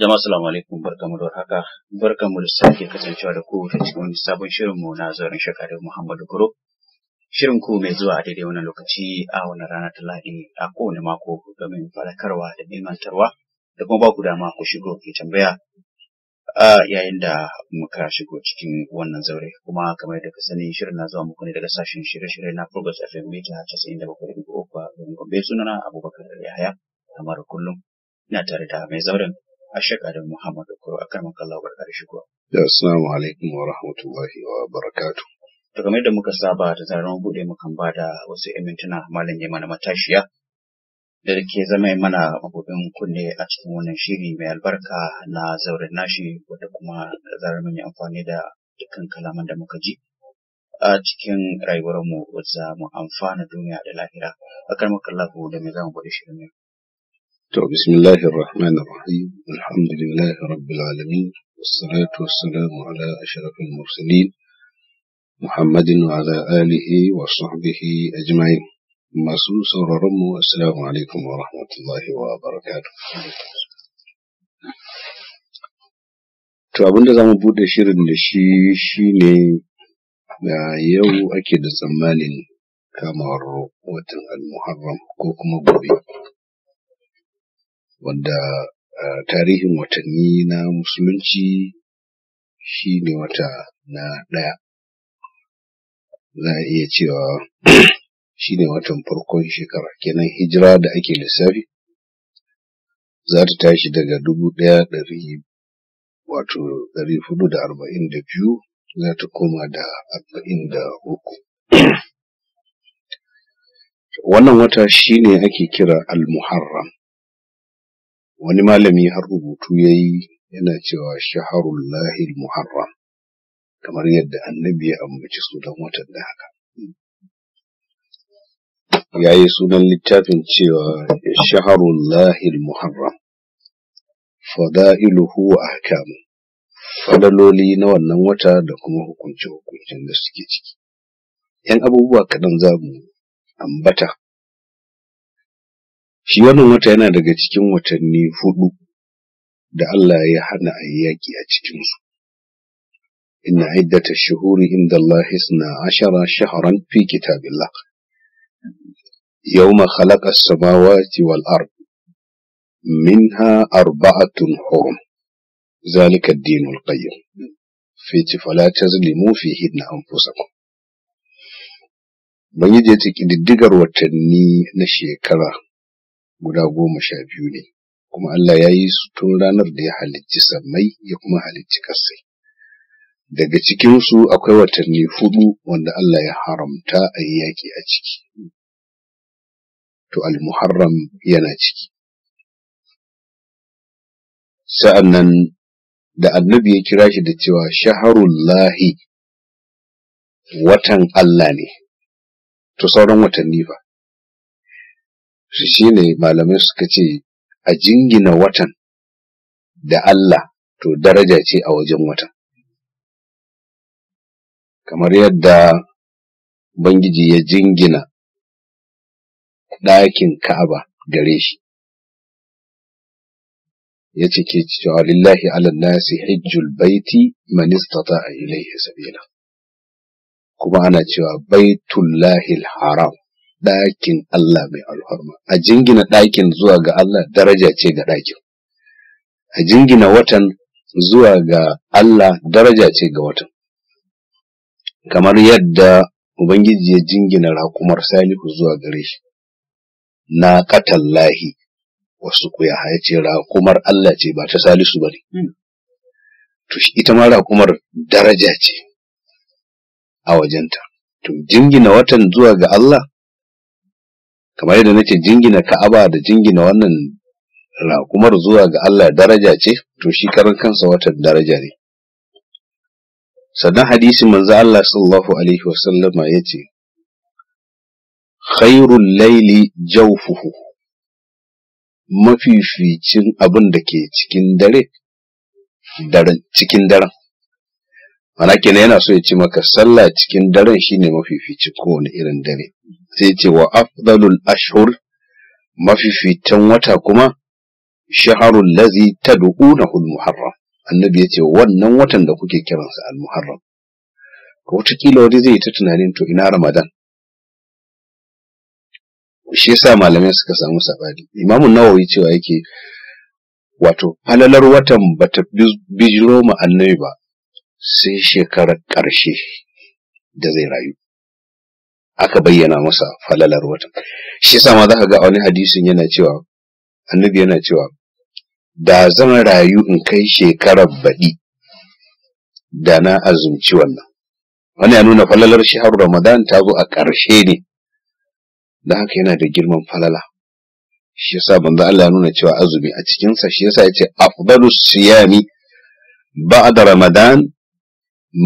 Jama'a salamu alaikum barkamu da haka barkamu da sake kasancewa da ku ta cikin wani sabon shirin mu na zauren shekarun Muhammadu Kuro. Shirin ku mai zuwa a daidai wannan lokaci a wannan rana ta Lahadi a kowane mako domin falakarwa da ilmantarwa da kuma ba ku dama ku shigo ke tambaya a yayin da muka shigo cikin wannan zaure kuma kamar da ka sani shirin na zuwa muku ne daga sashen shirye-shirye na Progress FM da 97.3 a Gombe sunana Abubakar Yahaya kamar kullum ina tare da mai zauren a shekara Muhammadu Kuro a karmar kallon barkar shigo. Assalamu alaikum wa rahmatullahi wa barakatu. To kamar da muka saba da zarar buɗe mukan ba da wasu ‘yan mintuna malam ya mana matashiya da ke zama mana makobin kunne a cikin wannan shiri mai albarka na zauren nashi wadda kuma zarar mun yi amfani da dukkan kalaman da muka ji a cikin rayuwarmu za mu amfana duniya da lahira. A karmar kallon da me za mu buɗe shirin yau. بسم الله الرحمن الرحيم الحمد لله رب العالمين والصلاة والسلام على أشرف المرسلين محمد وعلى آله وصحبه أجمعين مسوس ورمو السلام عليكم ورحمة الله وبركاته to abinda za mu buɗe شيني يا يو أكيد da كما ake da tsammanin kamar watan wanda a tarihin watanni na musulunci shi ne wata na ɗaya za a iya cewa shi ne watan farkon shekara kenan hijira da ake lissafi za ta tashi daga dubu ɗaya ɗari wato ɗari hudu da arba'in da biyu za ta koma da arba'in da uku wannan wata shi ne ake kira al-muharram wani malami har rubutu ya yi yana cewa lahil muharram kamar yadda annabi ya ambaci su sunan watan da haka ya yi sunan littafin cewa lahil muharram fada'iluhu wa ahkamu fadaloli na wannan wata da kuma hukunce-hukuncen da suke ciki ‘yan abubuwa kaɗan za mu ambata shi wannan wata yana daga cikin watanni hudu da Allah ya hana a yi yaƙi a cikinsu. Inna iddata shuhuri inda Allah isna ashara shaharan fi kitabillah. wal ard minha arba'atun hurum zalika ad ذلك الدين القيم في فلا تظلموا فيهن أنفسكم Ubangiji ya ce kididdigar watanni na shekara guda goma sha biyu ne kuma Allah ya yi su tun ranar da ya halicci sammai ya kuma halicci kasai daga cikinsu akwai watanni hudu wanda Allah ya haramta a yi yaƙi a ciki to al-muharram yana ciki sa'an da annabi ya kira shi da cewa shaharullahi watan Allah ne, to sauran watanni fa, shi shine malamai suka ce a jingina watan da Allah to daraja ce a wajen watan kamar yadda Bangiji ya jingina ɗakin Ka'aba gare shi ya ce ke cewa lillahi ala nasi hijjul baiti man istata ilayhi sabila kuma ana cewa baitullahi haram ɗakin Allah mai alfarma a jingina ɗakin zuwa ga Allah daraja ce ga ɗakin a jingina watan zuwa ga Allah daraja ce ga watan kamar yadda Ubangiji ya jingina rakumar Salihu zuwa gare shi na katallahi wasu kuya ya ce rakumar Allah ce ba ta Salisu ba ne hmm. to ita ma rakumar daraja ce a wajenta to jingina watan zuwa ga Allah kamar yadda nace jingina ka'aba da jingina wannan raƙumar zuwa ga Allah daraja ce to shi karan kansa wata daraja ne sannan hadisi manzo Allah sallallahu alaihi ya yace khairul laili jawfuhu mafificin abin da ke cikin dare daren cikin daren mana kenan yana so ya ci maka sallah cikin daren shine mafificin kowane irin dare sai ce wa afdalul ashhur mafificin wata kuma shaharul lazi tad'unahu al-muharram annabi yace wannan watan da kuke kiransa al-muharram to kila wani zai ta tunanin to ina ramadan shi yasa malamai suka samu sabani imamu nawawi cewa yake wato falalar watan bata bijiro ma annabi ba sai shekarar ƙarshe da zai rayu aka bayyana masa falalar watan shi yasa ma zaka ga wani hadisin yana cewa annabi yana cewa da zan rayu in kai shekarar baɗi da na azumci wannan wani ya nuna falalar shahar ramadan ta zo a ƙarshe ne da haka yana da girman falala shi yasa banza Allah ya nuna cewa azumi a cikinsa shi yasa yace afdalu siyami ba'da ramadan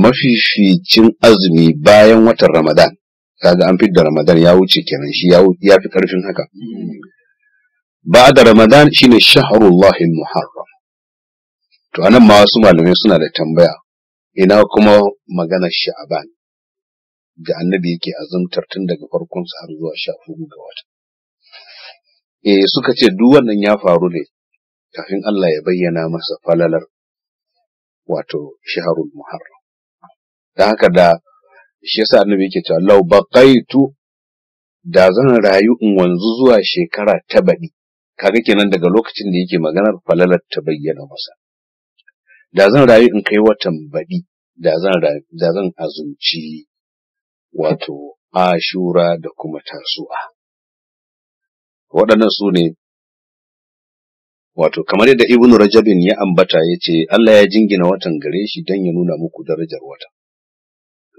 mafificin azumi bayan watan ramadan kaga an da ramadan ya wuce kenan shi ya fi karfin haka ba da ramadan shine shahrullahi muharram to anan ma wasu malamai suna da tambaya ina kuma maganar sha'aban da annabi yake azumtar tun daga farkon sa har zuwa sha ga wata eh suka ce duk wannan ya faru ne kafin Allah ya bayyana masa falalar wato shaharul muharram da haka da shi yasa annabi yake cewa law baqaitu da zan rayu in wanzu zuwa shekara ta baɗi kaga kenan daga lokacin da yake maganar falalar ta bayyana masa da zan rayu in kai watan baɗi da zan da zan azumci wato ashura da kuma tasu'a waɗannan su ne wato kamar yadda ibnu rajabin ya ambata ya ce Allah ya jingina watan gare shi don ya nuna muku darajar watan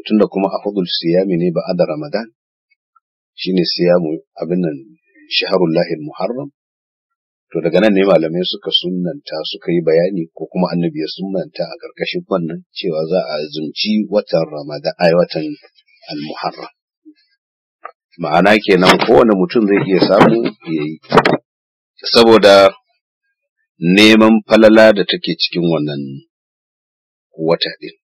tunda kuma afadul siyami ne ba da ramadan shine siyamu abin nan shaharullahi muharram to daga nan ne malamai suka sunanta suka yi bayani ko kuma annabi ya sunnanta a karkashin wannan cewa za a zunci watan ramadan ai watan al-muharram ma'ana kenan kowane mutum zai iya samu ya yi saboda neman falala da take cikin wannan wata ɗin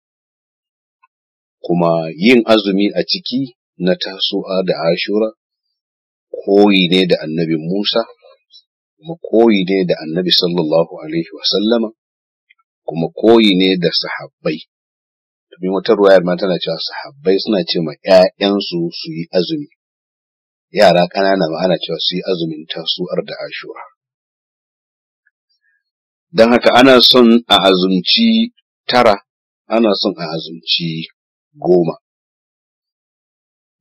kuma yin azumi a ciki na tasu'a da ashura koyi ne da annabi Musa kuma koyi ne da annabi sallallahu alaihi wa sallama kuma koyi ne da sahabbai domin wata ruwayar ma tana cewa sahabbai suna ce ma ‘ya'yansu su yi azumi yara ƙanana ma ana cewa su yi azumin tasu'ar da ashura dan haka ana son a azumci tara ana son a azumci goma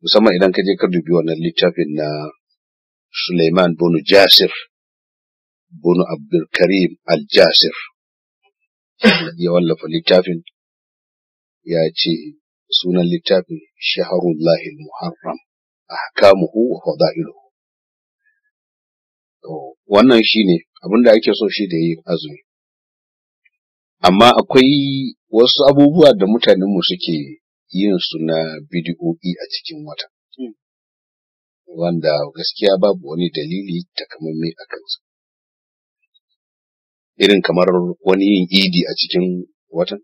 musamman idan ka je ka dubi wannan littafin na Suleiman bunu Jasir bunu Abdulkarim Al-Jasir ya wallafa littafin ya ce sunan littafin shaharullahi muharram a ahkamuhu wa fadailuhu to wannan shine abinda ake so shi da yi azumi amma akwai wasu abubuwa da mutanenmu suke yin su na bidi'o'i a cikin wata. Hmm. Wanda gaskiya babu wani dalili takamamme a kansa. Irin kamar wani yin idi a cikin watan,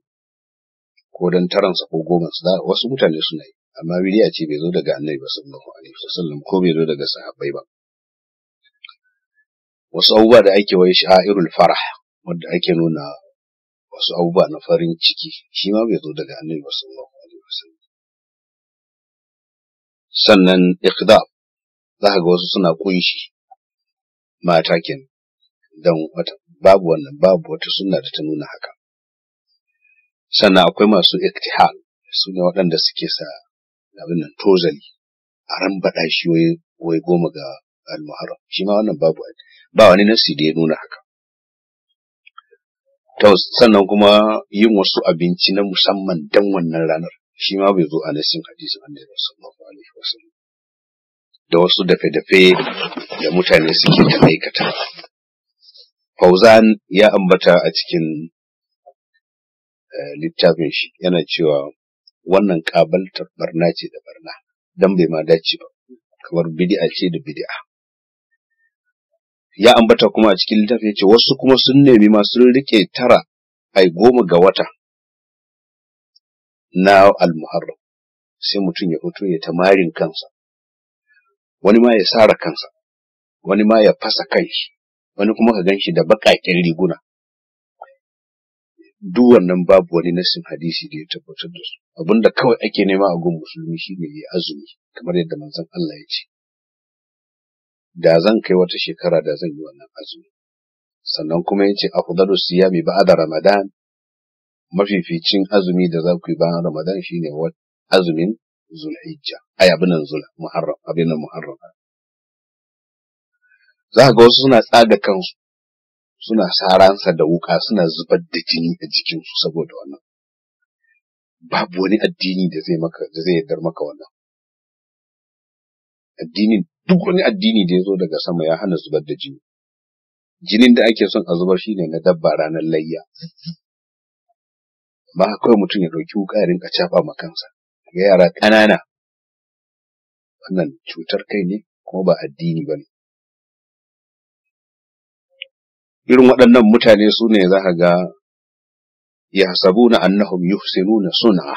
ko don taransa ko su wasu mutane suna yi, amma bidiya ce bai zo daga annabi ba sallallahu alaihi sallam ko bai zo daga sahabbai ba. Wasu abubuwa da ake wai sha'irul farah wanda ake nuna wasu abubuwa na farin ciki shi ma bai zo daga annabi ba sallallahu sannan iqda za ka ga wasu suna kunshi mata kin don wata babu wannan babu wata sunna da ta nuna haka sannan akwai masu iktihal su ne waɗanda suke sa abin nan tozali a rambaɗa shi wai wai goma ga al-muharram shi ma wannan babu ba wani nasi da ya nuna haka to sannan kuma yin wasu abinci na musamman dan wannan ranar shi ma bai zo a nasin hadisin annabi sallallahu alaihi wasallam da wasu dafe-dafe da mutane suke ta aikata fauzan ya ambata a cikin eh, littafin shi yana cewa wannan kabaltar barna ce da barna dan bai ma dace ba kamar bid'a ce da bid'a ya ambata kuma a cikin littafin ce, wasu kuma sun nemi ma sun rike tara ai goma ga wata na almuharram sai mutum ya fito ya tamarin kansa wani ma ya sara kansa wani ma ya fasa kanshi wani kuma ka ganshi da baƙaƙen riguna duk wannan babu wani nasin hadisi da ya tabbatar da su abinda kawai ake nema a gun musulmi shine ya azumi kamar yadda manzon Allah ya ce da zan kai wata shekara da zan yi wannan azumi sannan kuma ya ce afdalu siyami ba'da ramadan mafificin azumi da za ku yi bayan Ramadan shi ne azumin Zulhijja ai abin nan Zul Muharram abin nan Muharram za ga wasu suna tsaga kansu suna saransa da wuka suna zubar da jini a jikinsu saboda wannan babu wani addini da zai maka da zai yardar maka wannan addinin duk wani addini da ya zo daga sama ya hana zubar da jini jinin da ake son a zubar shine na dabba ranar layya ba kawai mutum ya ɗauki wuƙa ya rinka cafa ma kansa ga yara kanana wannan cutar kai ne kuma ba addini ba ne irin waɗannan mutane su ne za ka ga yahsabuna annahum yuhsinuna sun'a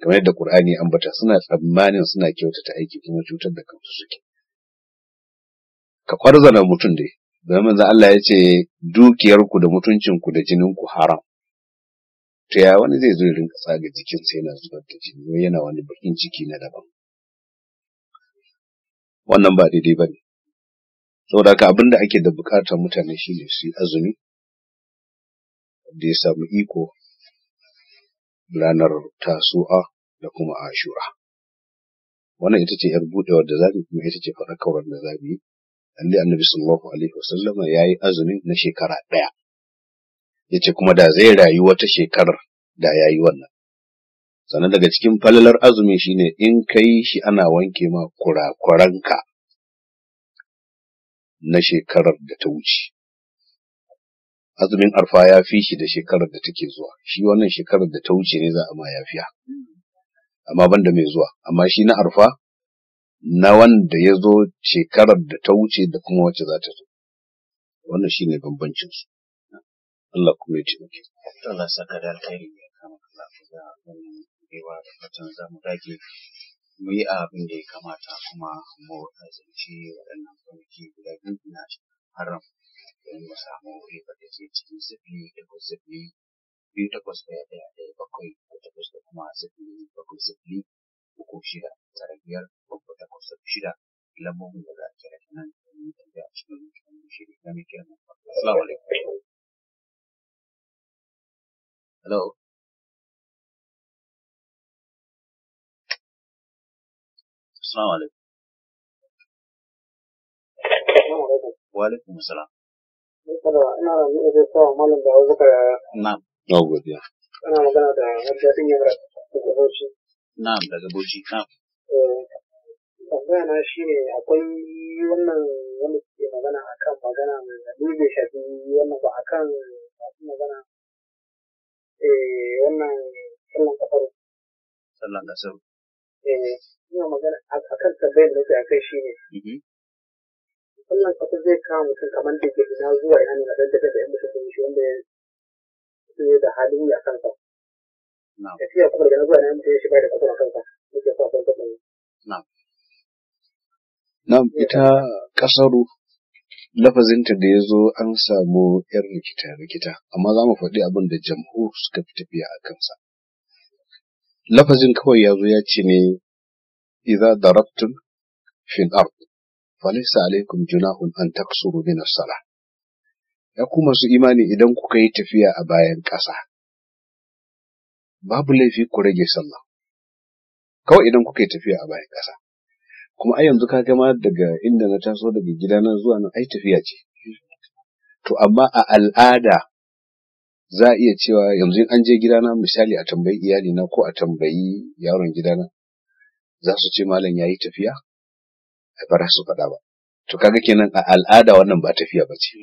kamar yadda ƙur'ani, ambata suna tsammanin suna kyautata aiki kuma cutar da kansu suke ka kwarzana mutum dai domin za Allah ya ce dukiyarku da mutuncinku da jininku haram to ya wani zai zo ya rinka tsaga sai yana zubar da jini yana wani bakin ciki na daban wannan ba daidai ba ne saboda haka abin da ake da bukatar mutane shine su yi azumi da ya samu iko ranar tasu'a da kuma ashura wannan ita ce yar budewar da zabi kuma ita ce faɗakarwar da zamu yi annabi sallallahu alaihi wasallama yayi azumi na shekara ɗaya ya ce kuma da zai rayu wata shekarar da ya yi wannan sannan daga cikin falalar azumi ne, in ka yi shi ana wanke ma kurakuranka na shekarar da ta wuce azumin arfa ya fi shi da shekarar da take zuwa shi wannan shekarar da ta wuce ne za a ma yafiya amma banda mai zuwa amma shi na arfa na wanda ya zo shekarar da ta wuce da kuma wacce za ta zo wannan shine bambancin su Allah kuma ya taimake Allah saka da alkhairi ya kama Allah da wannan baiwa da fatan za mu dage mu yi abin da ya kamata kuma mu azanci waɗannan kwanaki guda biyu na haram don mu samu riba da ke cikin zafi da ko zafi biyu takwas ɗaya ɗaya ɗaya bakwai ko takwas da kuma zafi bakwai zafi uku shida tara biyar bakwai takwas shida lambobin da za a kira nan da mu tafiya a cikin shirin na mai kiran Assalamu alaikum. Hello. Assalamu alaikum. Wa alaikum assalam. Ina da ni da sa malam da wasu kaya. Na'am. Na godiya. Ana magana da Hajjatin Yamra daga Bauchi. Na'am daga Bauchi. Na'am. Eh, tambaya na shi ne akwai wannan wanda suke magana akan magana mai da shafi wannan ba akan magana eh wannan sallan kasar sallan kasar eh ina magana a kan tambayar da a kai ne? Mm-hmm. sallan kasar zai kama mutum kamar da ke ina zuwa ya na dan daga da yan mutum shi wanda ya da halin ya kansa tafiya kuma daga zuwa na mutum ya shiga da kasar kansa muke sa kansa na'am ita kasaru lafazinta da ya zo an samu ‘yan rikita-rikita, amma za mu faɗi abin da jamhu suka fi tafiya a kansa. Lafazin kawai ya zo ya ce ne, Iza darabtun fil ard falisa alaikum junahun an taksuru min sala ya ku masu imani idan kuka yi tafiya a bayan ƙasa babu laifi ku rage sallah kawai idan kuka yi tafiya a bayan ƙasa kuma a yanzu ka gama daga inda na taso daga gidana zuwa nan ai tafiya ce to amma a al'ada za a iya cewa yanzu in an je gidana misali a tambayi iyali na ko a tambayi yaron gidana za su ce malam ya tafiya a fara su faɗa ba to kaga kenan a al'ada wannan ba tafiya ba ce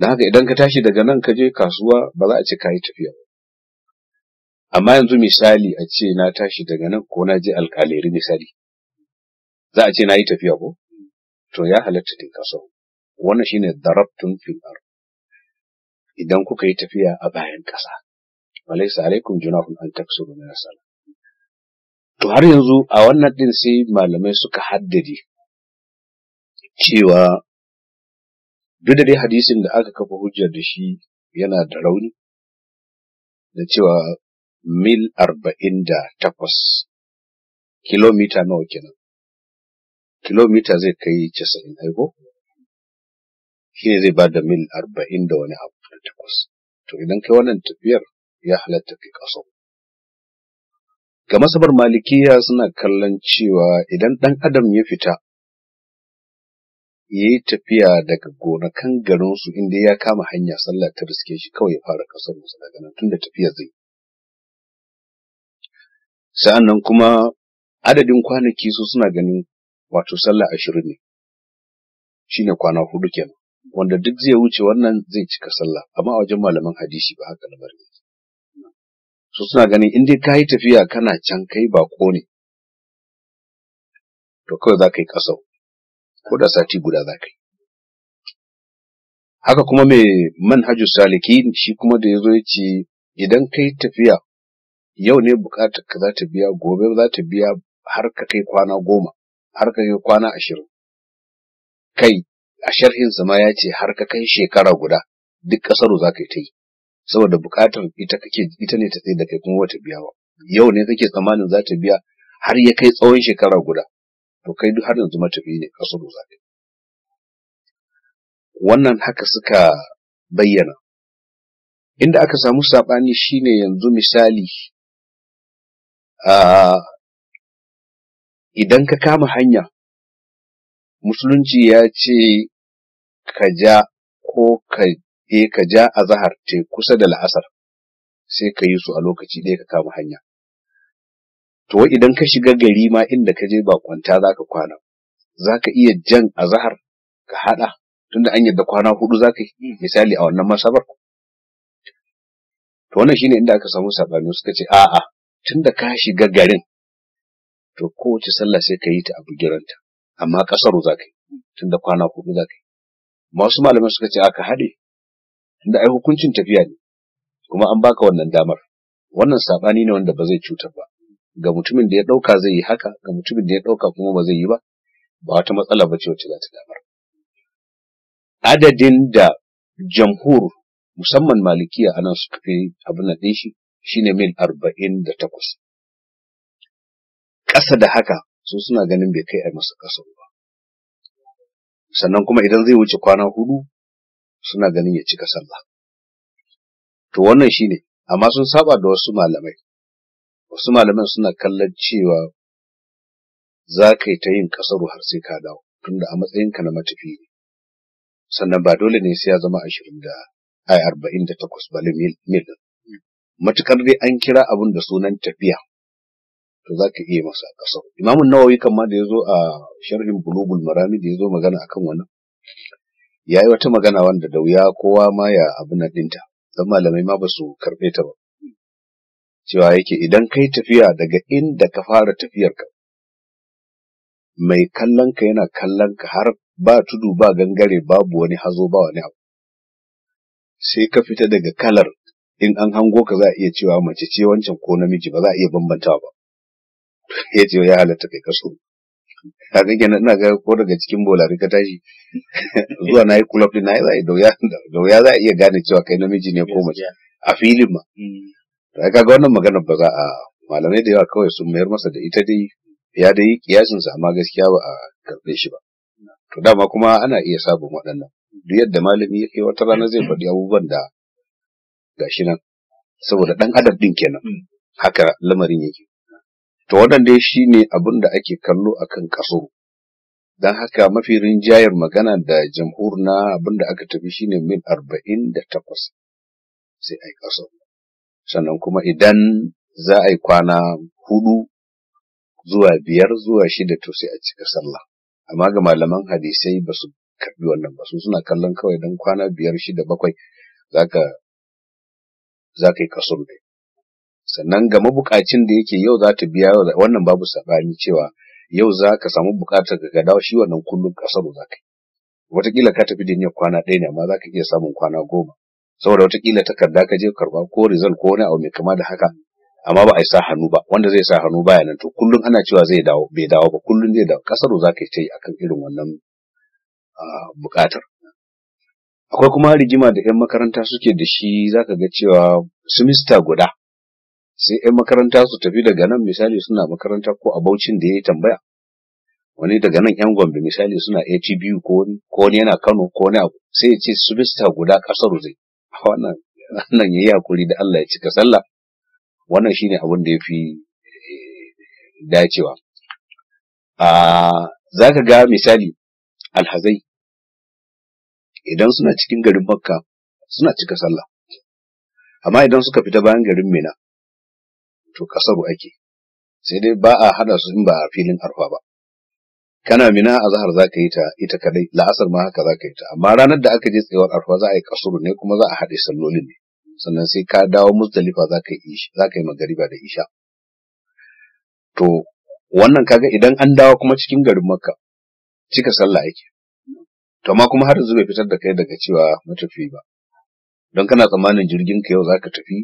don haka idan ka tashi daga nan ka je kasuwa ba za a ce ka yi tafiya ba amma yanzu misali a ce na tashi daga nan ko na je alkaleri misali za a ce na yi tafiya ko to ya halatta din kaso wannan shine darabtun fil idan kuka yi tafiya a bayan kasa walaysa alaikum junahun an taksuru min to har yanzu a wannan din sai malamai suka haddadi. cewa duk da dai hadisin da aka kafa hujjar da shi yana da rauni da cewa mil arba'in da takwas kilomita nawa kenan kilomita zai kai casa'in aiko shi ne zai ba da mil arba'in da wani abu da takwas to idan kai wannan tafiyar ya halatta kai kaso ga masabar malikiya suna kallon cewa idan ɗan adam ya fita ya yi tafiya daga gonakan garinsu inda ya kama hanya sallah ta riske shi kawai ya fara kasar musu daga nan da tafiya zai sa'an nan kuma adadin kwanaki su suna ganin wato sallah ashirin ne shine kwana hudu kenan wanda duk zai wuce wannan zai cika sallah amma a wajen malaman hadisi ba haka lamarin yake su suna ganin in dai ka yi tafiya kana can kai bako ne to kawai za ka yi ƙasau ko da sati guda za ka yi haka kuma mai manhajus saliki shi kuma da ya zo ya ce idan ka tafiya yau ne bukatar ka za ta biya gobe za ta biya har ka kai kwana goma har ka yi kwana ashirin kai a sharhin ma ya ce har ka kai shekara guda duk ƙasar za ka yi ta yi saboda buƙatar ita kake ita ne ta tsaye da kai kuma wata biya ba yau ne kake tsammanin za ta biya har ya kai tsawon shekara guda to kai duk har yanzu matafi ne ƙasar za ka yi wannan haka suka bayyana inda aka samu saɓani shine yanzu misali ah, idan ka kama hanya musulunci ya ce ka ja ko ka je eh, ka ja a zahar te kusa da la'asar sai ka yi su a lokaci ɗaya ka kama hanya to idan ka shiga gari ma inda ka je ba kwanta za ka kwana za ka iya jan a zahar ka haɗa tunda an yadda kwana hudu za ka yi misali a wannan masabar to wannan shine inda aka samu saɓani suka ce a'a tunda ka shiga garin to kowace sallah sai ka yi ta a giranta, amma kasaru za ka yi tunda kwana hudu za ka yi masu malamai suka ce aka haɗe Da ai hukuncin tafiya ne kuma an baka wannan damar wannan saɓani ne wanda ba zai cutar ba ga mutumin da ya ɗauka zai yi haka ga mutumin da ya ɗauka kuma ba zai yi ba ba wata matsala ba ce wacce za ta damar adadin da jamhur musamman malikiya anan suka fi abin da shi shine mil arba'in da takwas ƙasa da haka su suna ganin bai kai a masa ƙasa ba sannan kuma idan zai wuce kwana hudu suna ganin ya cika sallah to wannan shine amma sun saba da wasu malamai wasu malaman suna kallon cewa za ka yi ta yin ƙasaru har sai ka dawo tunda a matsayinka na matafi ne sannan ba dole ne sai ya zama ashirin da ai arba'in da takwas ba mil matuƙar dai an kira abin da sunan tafiya to za ka iya masa ƙasar? imamun nawawi kan ma da ya zo a sharhin bulubul marami da ya zo magana a kan wannan ya yi wata magana wanda da wuya kowa ma ya abu na ɗinta don malamai ma ba su karɓe ta ba cewa yake idan kai tafiya daga inda ka fara tafiyar ka? mai kallon ka yana kallon ka har ba tudu ba gangare babu wani hazo ba wani abu sai ka fita daga kalar in an hango ka za a iya cewa mace ce wancan ko namiji ba za a iya bambantawa ba ya ce ya halatta kai kaso kaga kenan ina ga ko daga cikin bolari ka tashi zuwa na yi club din na yi da wuya za a iya gane cewa kai namiji ne ko mace a filin ma mm. ta ga wannan magana ba za a malamai da yawa kawai sun mayar masa da ita dai ya dai kiyasin sa amma gaskiya ba a karɓe shi ba to dama kuma ana iya sabon waɗannan duk yadda malami yake wata rana zai faɗi abubuwan da gashi nan saboda ɗan adam ɗin kenan mm. haka lamarin yake to wannan dai shine abin da ake kallo akan kaso don haka mafi rinjayar magana da jamhur na abin da aka tafi shine min arba'in da takwas sai a yi kaso sannan kuma idan za a yi kwana hudu zuwa biyar zuwa shida to sai a cika sallah amma ga malaman hadisai ba su karbi wannan ba su suna kallon kawai dan kwana biyar shida bakwai zaka zaka yi kasur ne sannan ga mabukacin da yake yau za ta biya yau wannan babu sabani cewa yau za ka samu bukatar ka dawo shi wannan kullum kasar za ka yi wataƙila ka tafi da niyyar kwana ɗaya ne amma za ka iya samun kwana goma saboda wataƙila takarda ka je karba ko rizal ko wani abu mai kama da haka amma ba a sa hannu ba wanda zai sa hannu baya nan to kullum ana cewa zai dawo bai dawo ba kullum zai dawo kasar za ka yi akan irin wannan bukatar akwai kuma rigima da 'yan makaranta suke da shi zaka ga cewa simista guda sai 'yan makaranta su tafi daga nan misali suna makaranta ko a baucin da ya yi tambaya wani daga nan 'yan Gombe misali suna biyu ko wani yana Kano ko wani abu sai ya ce su bista guda kasar zai wannan ya yayi hakuri da Allah ya cika sallah wannan shine abin da yafi eh, dacewa a zaka ga misali alhazai idan suna cikin garin Makka suna cika sallah amma idan suka fita bayan garin Mina to kasar ake sai dai ba a hada su in ba a filin arfa ba kana mina a zahar za ka yi ta ita kadai la'asar ma haka za ka yi ta amma ranar da aka je tsayuwar arfa za a yi kasuru ne kuma za a haɗe sallolin ne sannan sai ka dawo muzdalifa za ka yi za yi magariba da isha to wannan kaga idan an dawo kuma cikin garin makka cika sallah yake to amma kuma har zuwa fitar da kai daga cewa matafi ba don kana tsammanin jirgin ka yau za ka tafi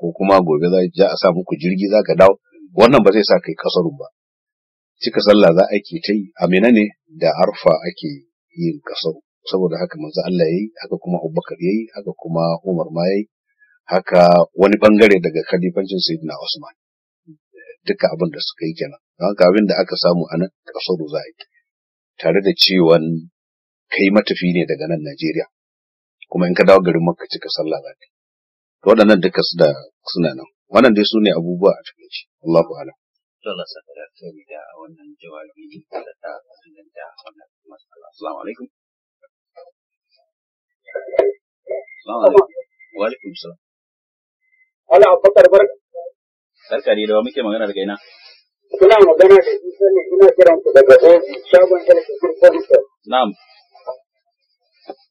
ko kuma gobe za a sa muku jirgi za ka dawo wannan ba zai sa kai kasarun ba cika sallah za a ke ta yi amina ne da arfa ake yin kasar saboda haka manzo Allah yayi haka kuma Abubakar yayi haka kuma Umar ma yayi haka wani bangare daga khalifancin Sayyidina Usman duka abin da suka yi kenan don haka abin da aka samu a nan kasaru za a yi tare da cewa kai matafi ne daga nan Najeriya kuma in ka dawo garin Makka cika sallah za ka yi to waɗannan duka su da suna nan wannan dai su ne abubuwa a cikin takaice Allahu a'lam to Allah saka da sani da wannan jawabi da ta da wannan masala assalamu alaikum assalamu alaikum wa alaikum salam Allah abubakar bar barka ne da muke magana daga ina Kuna magana da Isa ne kuna kiran ku daga Ozi shagon Telekitir Services. Na'am.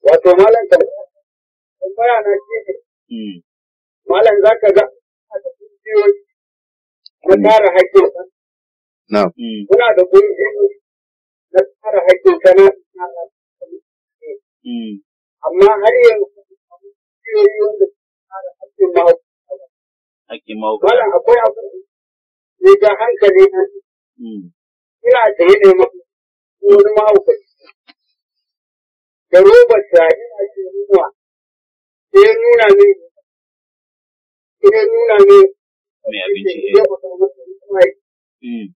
Wato malam tambaya na shi ne. Hmm. malam za ka ga mm. da ƙungiyoyi na kare haƙƙin sana, kuna da ƙungiyoyi na kare haƙƙin sana na Amma har yanzu ƙungiyoyi wanda kare haƙƙin ma Haƙƙin ma Malam akwai abu ne ga hankali na. Mm. Ina da yi ne wani mahaukaci. Da robar da ina ke nuna sai nuna min ya nuna ne mai abinci ya eh. hmm.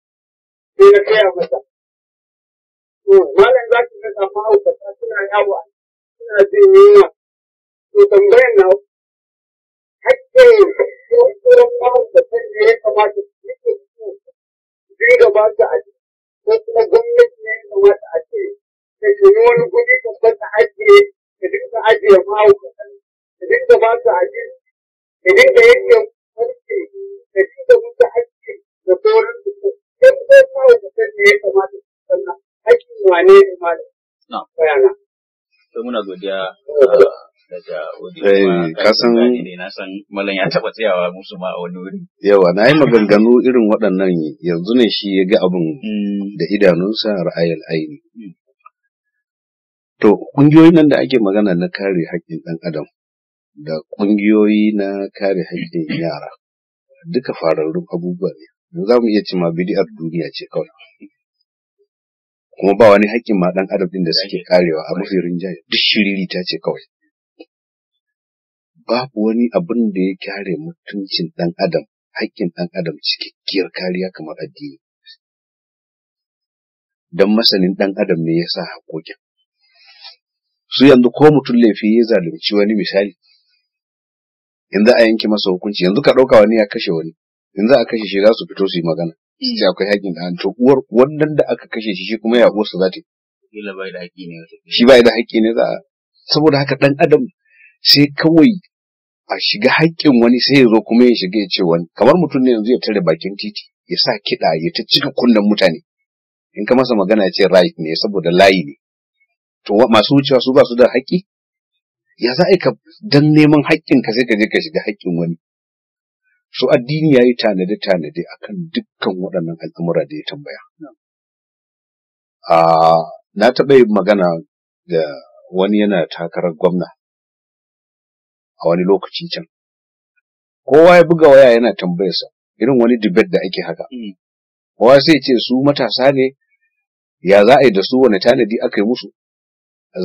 sai na kaya masa to malam za ki rasa suna yawo suna jin yunwa to tambayan na hakkin tsoron mahaukatan da ya kamata a ko kuma gwamnati ne ya kamata a ce ta tuni wani guri bata dinga ajiye dinga ba su idan da yake harshe da shi da wuta harshe da sauran su ko sai ko kawo mutum da ya kamata su sanna hakkin wane ne da bayana to muna godiya ah, daga kasan na san malam ya taɓa tsayawa musu ma a wani wuri yawa na yi maganganu irin waɗannan yanzu ne shi ya ga abin mm. da idanunsa ra'ayil aini mm. to ƙungiyoyin nan da ake magana na kare haƙƙin ɗan adam da ƙungiyoyi na kare haƙƙin yara duka fararrun abubuwa ne za mu iya cima bidiyar duniya ce kawai kuma ba wani haƙƙin ma ɗan adam ɗin da suke karewa a mafi rinjaye duk shiriri ta ce kawai babu wani abin da ya kare mutuncin ɗan adam haƙƙin ɗan adam cikakkiyar kariya kamar addini don masanin ɗan adam ne yasa sa haƙoƙin su yanzu ko mutum laifi ya zalunci wani misali in za a yanke masa hukunci yanzu ka ɗauka wani ya kashe wani in za a kashe shi za su fito su yi magana su ce hmm. akwai haƙƙin ɗan to uwar wannan da aka kashe shi shi kuma ya uwarsa za ta yi shi ba da haƙƙi ne za a saboda haka ɗan adam sai kawai a shiga haƙƙin wani sai ya zo kuma ya shiga ya ce wani kamar mutum ne yanzu ya tare bakin titi ya sa kiɗa ya ta cika kunnen mutane in ka masa magana ya ce right ne saboda layi ne to masu wucewa su ba su da haƙƙi ya za ka dan neman haƙƙin ka sai ka je ka shiga haƙƙin wani so addini ya yi tanade tanade a kan dukkan waɗannan al'amura da ya tambaya ah, na taɓa yin magana da wani yana takarar gwamna a wani lokaci can kowa ya buga waya yana tambayarsa irin wani dubet da ake haka hmm. kowa sai ce su matasa ne ya za a yi da su wani tanadi aka yi musu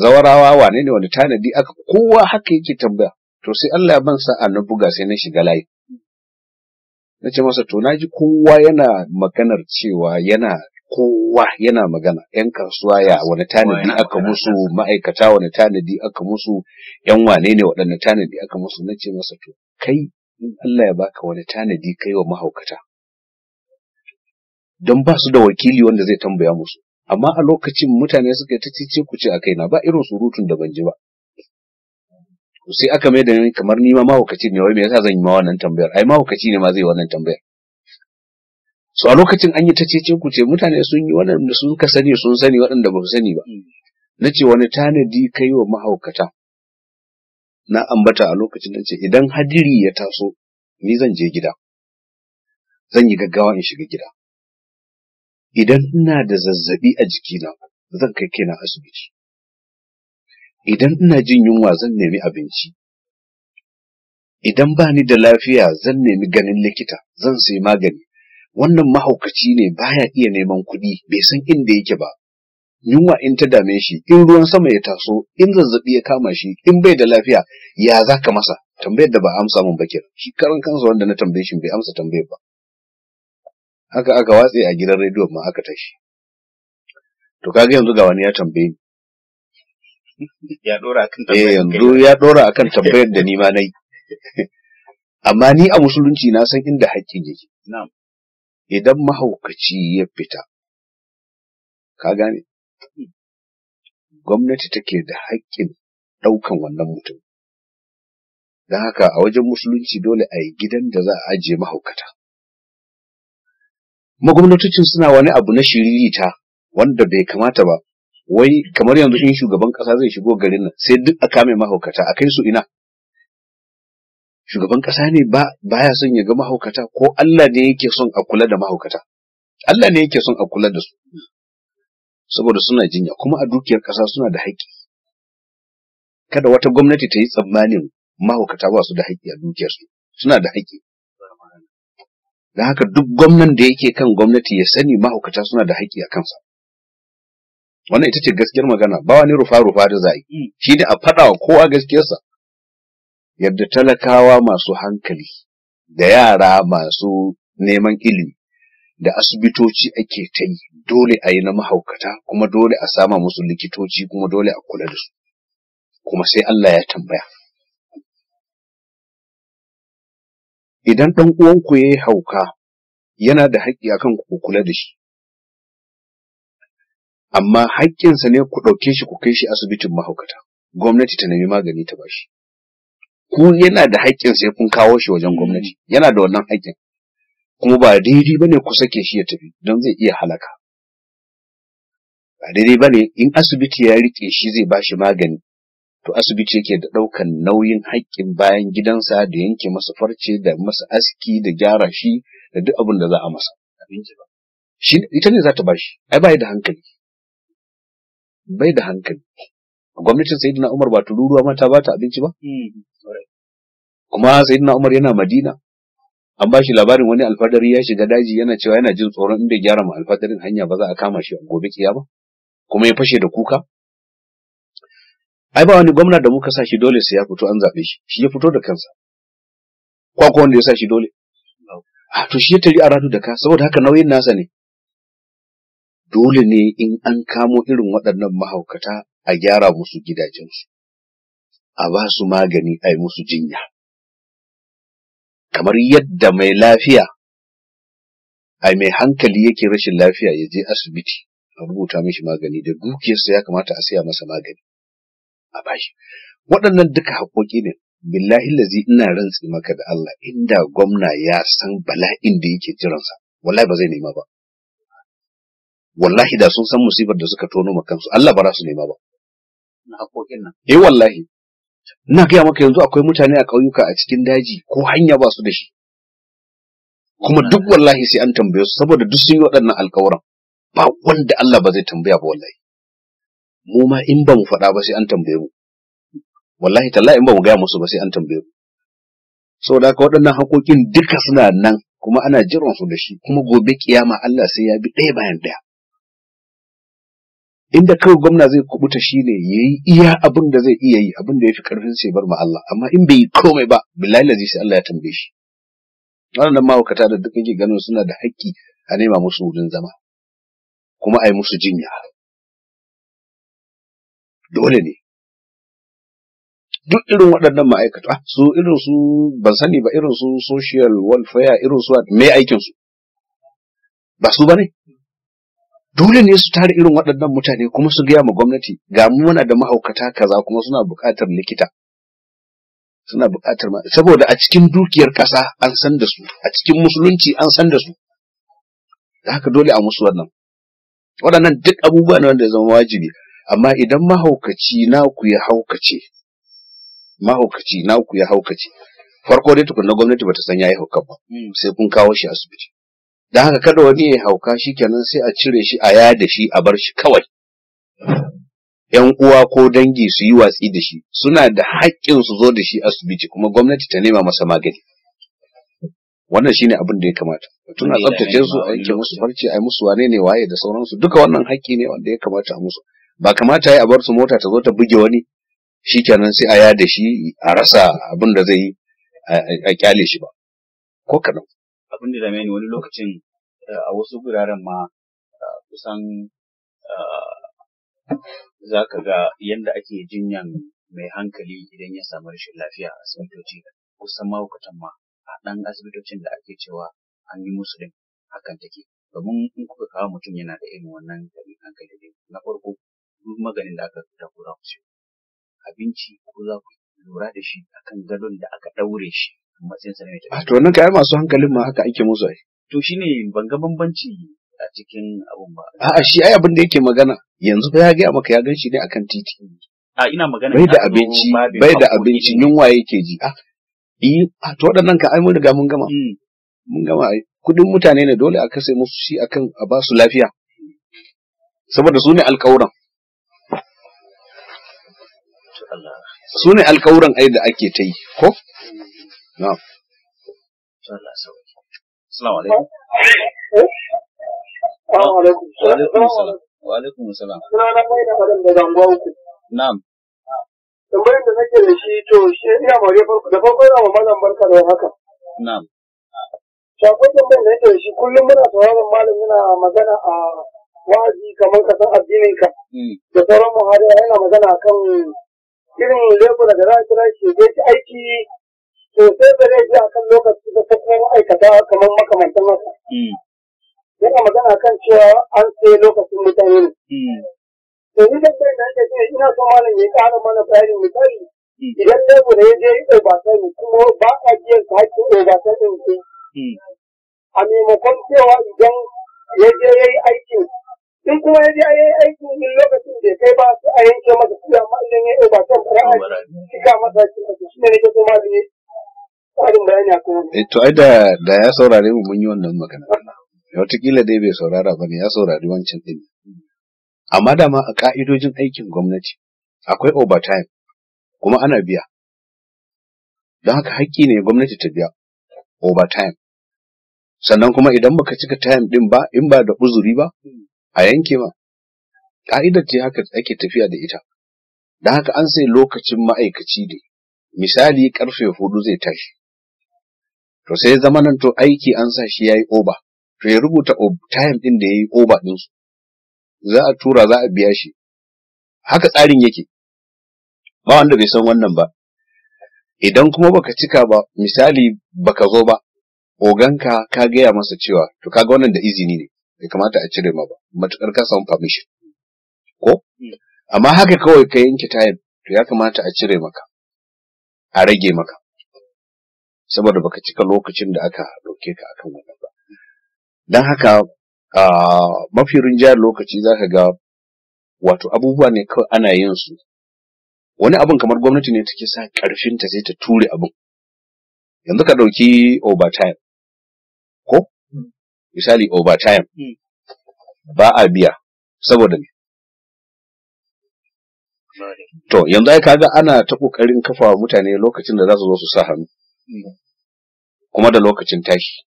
zawarawa wane ne wanda tanadi aka kowa haka yake tambaya to sai Allah ya ban sa'a na buga sai na shiga layi na ce masa to naji kowa yana maganar cewa yana kowa yana magana yan kasuwa ya wani tanadi aka musu ma'aikata wani tanadi aka musu yan wane ne waɗanne tanadi aka musu na ce masa to kai in Allah ya baka wani tanadi kai wa mahaukata don ba su da wakili wanda zai tambaya musu amma a lokacin mutane suka yi ta cece ku ce a kaina ba irin surutun da ban ji ba sai aka mai da ni kamar ni ma mahaukaci ne wai me yasa zan yi ma wannan tambayar ai mahaukaci ne ma zai wannan tambayar so a lokacin an yi ta cece ku ce mutane sun yi waɗanda suka sani sun sani waɗanda ba su sani ba na ce wani tanadi kai wa mahaukata na ambata a lokacin na ce idan hadiri ya taso ni zan je gida zan yi gaggawa in shiga gida idan ina da zazzabi a jikina zan kai kaina asibiti idan ina jin yunwa zan nemi abinci idan ba ni da lafiya zan nemi ganin likita zan sayi magani wannan mahaukaci ne baya iya neman kuɗi bai san inda yake ba yunwa in ta dame shi in ruwan sama ya taso in zazzabi ya kama shi in bai da lafiya ya za ka masa tambayar da ba amsa min ba kenan shi karan kansa wanda na tambaye shi bai amsa tambayar ba haka aka watse a gidan rediyon ma aka tashi to kaga yanzu ga wani ya tambaye ni ya dora akan tambayar eh yanzu ya dora akan tambayar da ni ma nayi amma ni a musulunci na san inda haƙƙin yake na'am idan mahaukaci ya fita ka gane gwamnati take da haƙƙin ɗaukan wannan mutum don haka a wajen musulunci dole a yi gidan da za a ajiye mahaukata magwamnatocin suna wani abu na shiririta wanda bai kamata ba wai kamar yanzu in shugaban kasa zai shigo garin nan sai duk a kame mahaukata a kai su ina shugaban kasa ne ba baya son ya ga mahaukata ko Allah ne yake son a kula da mahaukata Allah ne yake son a kula da su saboda suna jinya kuma a dukiyar kasa suna da haƙƙi kada wata gwamnati ta yi tsammanin mahaukata ba su da haƙƙi a dukiyar su, suna da haƙƙi Da haka duk gwamnan da yake kan gwamnati ya sani mahaukata suna da haƙƙi a kansa wannan ita ce gaskiyar magana ba wani rufa rufa da za'i hmm. shi ne a faɗa wa kowa gaskiyarsa yadda talakawa masu hankali da yara masu neman ilimi da asibitoci ake ta yi dole a yi na mahaukata kuma dole a sama musu likitoci kuma dole a kula da su kuma sai Allah ya tambaya idan ɗan uwanku ya yi hauka yana da haƙƙi akan ku kula da shi amma haƙƙinsa ne ku ɗauke shi ku kai shi asibitin mahaukata gwamnati ta nemi magani ta bashi ku yana da haƙƙin sai kun kawo shi wajen gwamnati yana da wannan haƙƙin kuma ba daidai ba ne ku sake shi ya tafi don zai iya halaka ba daidai ba ne in asibiti ya riƙe shi zai bashi magani to asibiti yake da ɗaukan nauyin haƙƙin bayan gidansa da yanke masa farce da masa aski da gyara shi da duk abin da za a masa shi ita ne za ta bashi ai bai da hankali bai da hankali gwamnatin sayyidina Umar ba tururuwa ma ta ba ta abinci ba hmm, kuma sayyidina Umar yana Madina an bashi labarin wani alfadari ya shiga daji yana cewa yana jin tsoron inda gyara ma alfadarin hanya ba za a kama shi a gobe ba? kuma ya fashe da kuka ai ba wani gwamna da muka sa shi dole sai ya fito an zaɓe shi shi ya fito da kansa kwa wanda ya sa dole a ah, to shi ya tari a ratu da ka saboda haka nauyin nasa ne dole ne in an kamo irin waɗannan mahaukata a gyara musu gidajensu a ba su magani a yi musu jinya kamar yadda mai lafiya ai mai hankali yake rashin lafiya ya je asibiti a rubuta mishi magani da dukiyarsa ya kamata a siya masa magani a bashi waɗannan duka haƙoƙi ne billahi lazi ina rantsi maka da Allah inda gwamna ya san bala'in da yake jiransa wallahi ba zai nema ba wallahi da sun san musibar da suka tono ma kansu Allah ba za su nema ba na nan eh wallahi ina gaya maka yanzu akwai mutane a ƙauyuka a cikin daji ko hanya ba su da shi kuma duk wallahi sai an tambaye su saboda duk sun yi waɗannan alƙawuran ba wanda Allah ba zai tambaya ba wallahi mu ma in ba mu faɗa ba sai an tambaye mu wallahi tallahi in ba mu gaya musu ba sai an tambaye mu saboda haka waɗannan haƙoƙin duka suna nan kuma ana jiran su da shi kuma gobe kiyama Allah sai ya bi ɗaya bayan ɗaya inda kawai gwamna zai kubuta shi ne ya yi iya abin da zai iya yi abin da ya fi ƙarfin sai bar ma Allah amma in bai yi komai ba billahi lazi sai Allah ya tambaye shi waɗannan mawakata da duka ke ganin suna da haƙƙi a nema musu wurin zama kuma a yi musu jinya dole ne duk irin waɗannan ma'aikata su irin su ban sani ba irin su social welfare irin su me aikin su ba su bane dole ne su tare irin waɗannan mutane kuma su gaya ma gwamnati ga mu muna da ma'aukata kaza kuma suna buƙatar likita suna buƙatar saboda a cikin dukiyar ƙasa an san da su a cikin musulunci an san da su haka dole a musu wannan waɗannan duk abubuwa ne wanda ya zama wajibi amma idan mahaukaci naku ya haukace mahaukaci naku ya haukace farko dai tukunna gwamnati bata san yayi haukan ba hmm. sai kun kawo shi asibiti dan haka kada wani ya hauka shikenan sai a cire shi a yada shi a bar shi kawai yan uwa ko dangi su yi watsi da shi suna da haƙƙin su zo da shi asibiti kuma gwamnati ta nema masa magani wannan shine abin da ya kamata tun a tsaftace su a yanke musu farce a musu wane ne waye da sauransu duka wannan haƙƙi ne wanda ya kamata a musu ba kamata ya bar su mota ta zo ta buge wani shi kenan sai a yada shi a rasa abin da zai yi a kyale shi ba ko kadan abin da dame ni wani lokacin eh, a wasu guraren ma eh, kusan eh, za ka ga yadda ake jinyan mai hankali idan ya samu rashin lafiya a asibitoci kusan mahaukatan ma a ɗan asibitocin da ake cewa an yi musu hakan take domin in kuka kawo mutum yana da irin wannan hankali na farko duk maganin da aka rubuta ko za ku siyo abinci ko za ku lura da shi akan gadon da aka daure shi a matsayin sa ne to wannan kai masu hankalin ma haka ake musu ai to shine ban ga bambanci a cikin abun ba a'a shi ai abin da yake magana yanzu fa ya ga maka ya ganshi ne akan titi a ina magana bai da abinci bai da abinci yunwa yake ji a ah, eh a to waɗannan ka ai mun riga mun gama mm. mun gama ai kudin mutane ne dole a kase musu shi akan a ba su lafiya saboda su ne alƙawuran su ne alkawuran ai da ake ta yi ko na Assalamu alaikum. Wa alaikum salam. na mai da madan da zango uku. Na'am. Tambayar da nake da shi to shi ina bare farko da farko ina malam barka da haka. Na'am. Shakon tambayar da nake da shi kullum muna sauraron malam yana magana a wa'azi kamar kasan addinin ka. Mm. Da sauran muhadara yana magana akan irin lebo da za a kira shi zai ci aiki sosai da zai a kan lokacin da kuma ma'aikata kamar makamantan masa. Hmm. Yana magana kan cewa an sai lokacin mutane ne. Hmm. ni da kai na ake ina son malam ya ƙara mana bayani misali hmm. idan lebura ya je ido ba sai kuma ba a biyan sa haƙƙin ido ba sai A maimakon cewa idan ya je ya yi aikin in kuma ya a yi aiki in lokacin da kai ba a yanke masa kuɗi amma idan ya yi ba kan fara cika masa shi ne nake kuma da ne tsarin bayani a eh, to ai da ya saurare mu mun yi wannan magana wataƙila dai bai saurara ba ne ya saurari wancan ɗin amma dama a ka'idojin aikin gwamnati akwai overtime kuma ana biya don haka haƙƙi ne gwamnati ta biya overtime sannan kuma idan baka cika time ɗin ba in ba da uzuri ba a yanke ma ka'idar ce haka ake tafiya da ita don haka an sai lokacin ma'aikaci ne misali karfe hudu zai tashi to sai zama nan to aiki an sa shi yayi oba to ya rubuta time din da yayi oba din su za a tura za a biya shi haka tsarin yake ba wanda bai san wannan ba idan kuma baka cika ba misali baka zo ba oganka ka gaya masa cewa to kaga wannan da izini ne bai kamata a cire ma ba matukar ka samu permission hmm. ko hmm. amma haka kawai ka yanke tayar to ya kamata a cire maka a rage maka saboda baka cika lokacin da aka ɗauke ka akan wannan ba don haka mafi rinjayar lokaci zaka ga wato abubuwa ne kawai ana yin su wani abin kamar gwamnati ne take sa karfin ta sai ta ture abin yanzu ka ɗauki overtime misali overtime hmm. ba a biya saboda ne. to yanzu ai kaga ana ta kokarin kafa mutane lokacin da za su zo su sa hannu hmm. kuma da lokacin tashi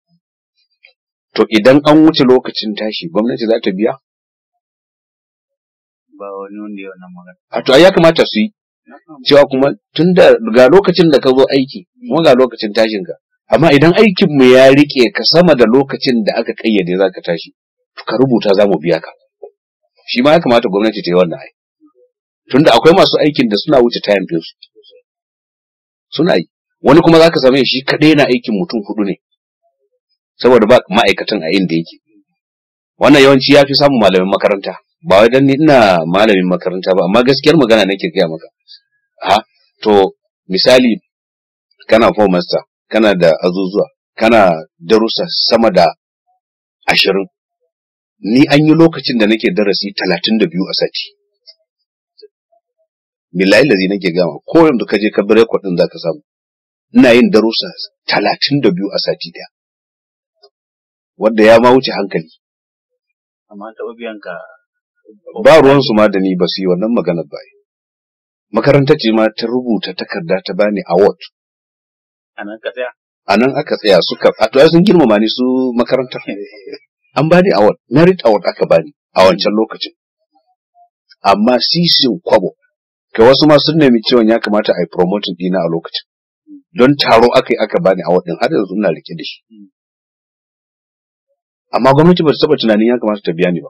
to idan an wuce lokacin tashi gwamnati za ta biya ba wani wanda ya nan magana a to ai ya kamata su yi cewa kuma tun da ga lokacin da ka zo aiki kuma ga lokacin tashin ka amma idan aikin mu ya rike ka sama da lokacin da aka kayyade za ka tashi ka rubuta za mu biya ka shi ma ya kamata gwamnati ta yi wannan ai tunda akwai masu aikin da suna wuce time din su suna yi wani kuma zaka same shi kaɗai na aikin mutum hudu ne saboda ba ma'aikatan a inda yake wannan yawanci ya fi samun malamin makaranta ba wai dan ina malamin makaranta ba amma gaskiyar magana nake gaya maka ha to misali kana form master kana da azuzuwa kana darussa sama da ashirin ni an yi lokacin da nake darasi talatin da biyu a sati da lazi nake gama ko yanzu ka je ka bi rekod din zaka samu ina yin darussa talatin da biyu a sati daya wanda ya ma wuce hankali amma taɓa biyan ka ba ruwan su ma da ni ba su yi wannan maganar ba makaranta ce ma ta rubuta takarda ta bani award a nan ka tsaya a nan aka tsaya suka fato sun girmama ni su makarantar an bani award merit award aka bani a wancan lokacin amma sisin kwabo kai wasu ma sun nemi cewa ya kamata a yi promoting dina a lokacin don taro aka yi aka bani award din har yanzu ina rike da shi amma gwamnati ba ta taba tunanin ya kamata ta biya ni ba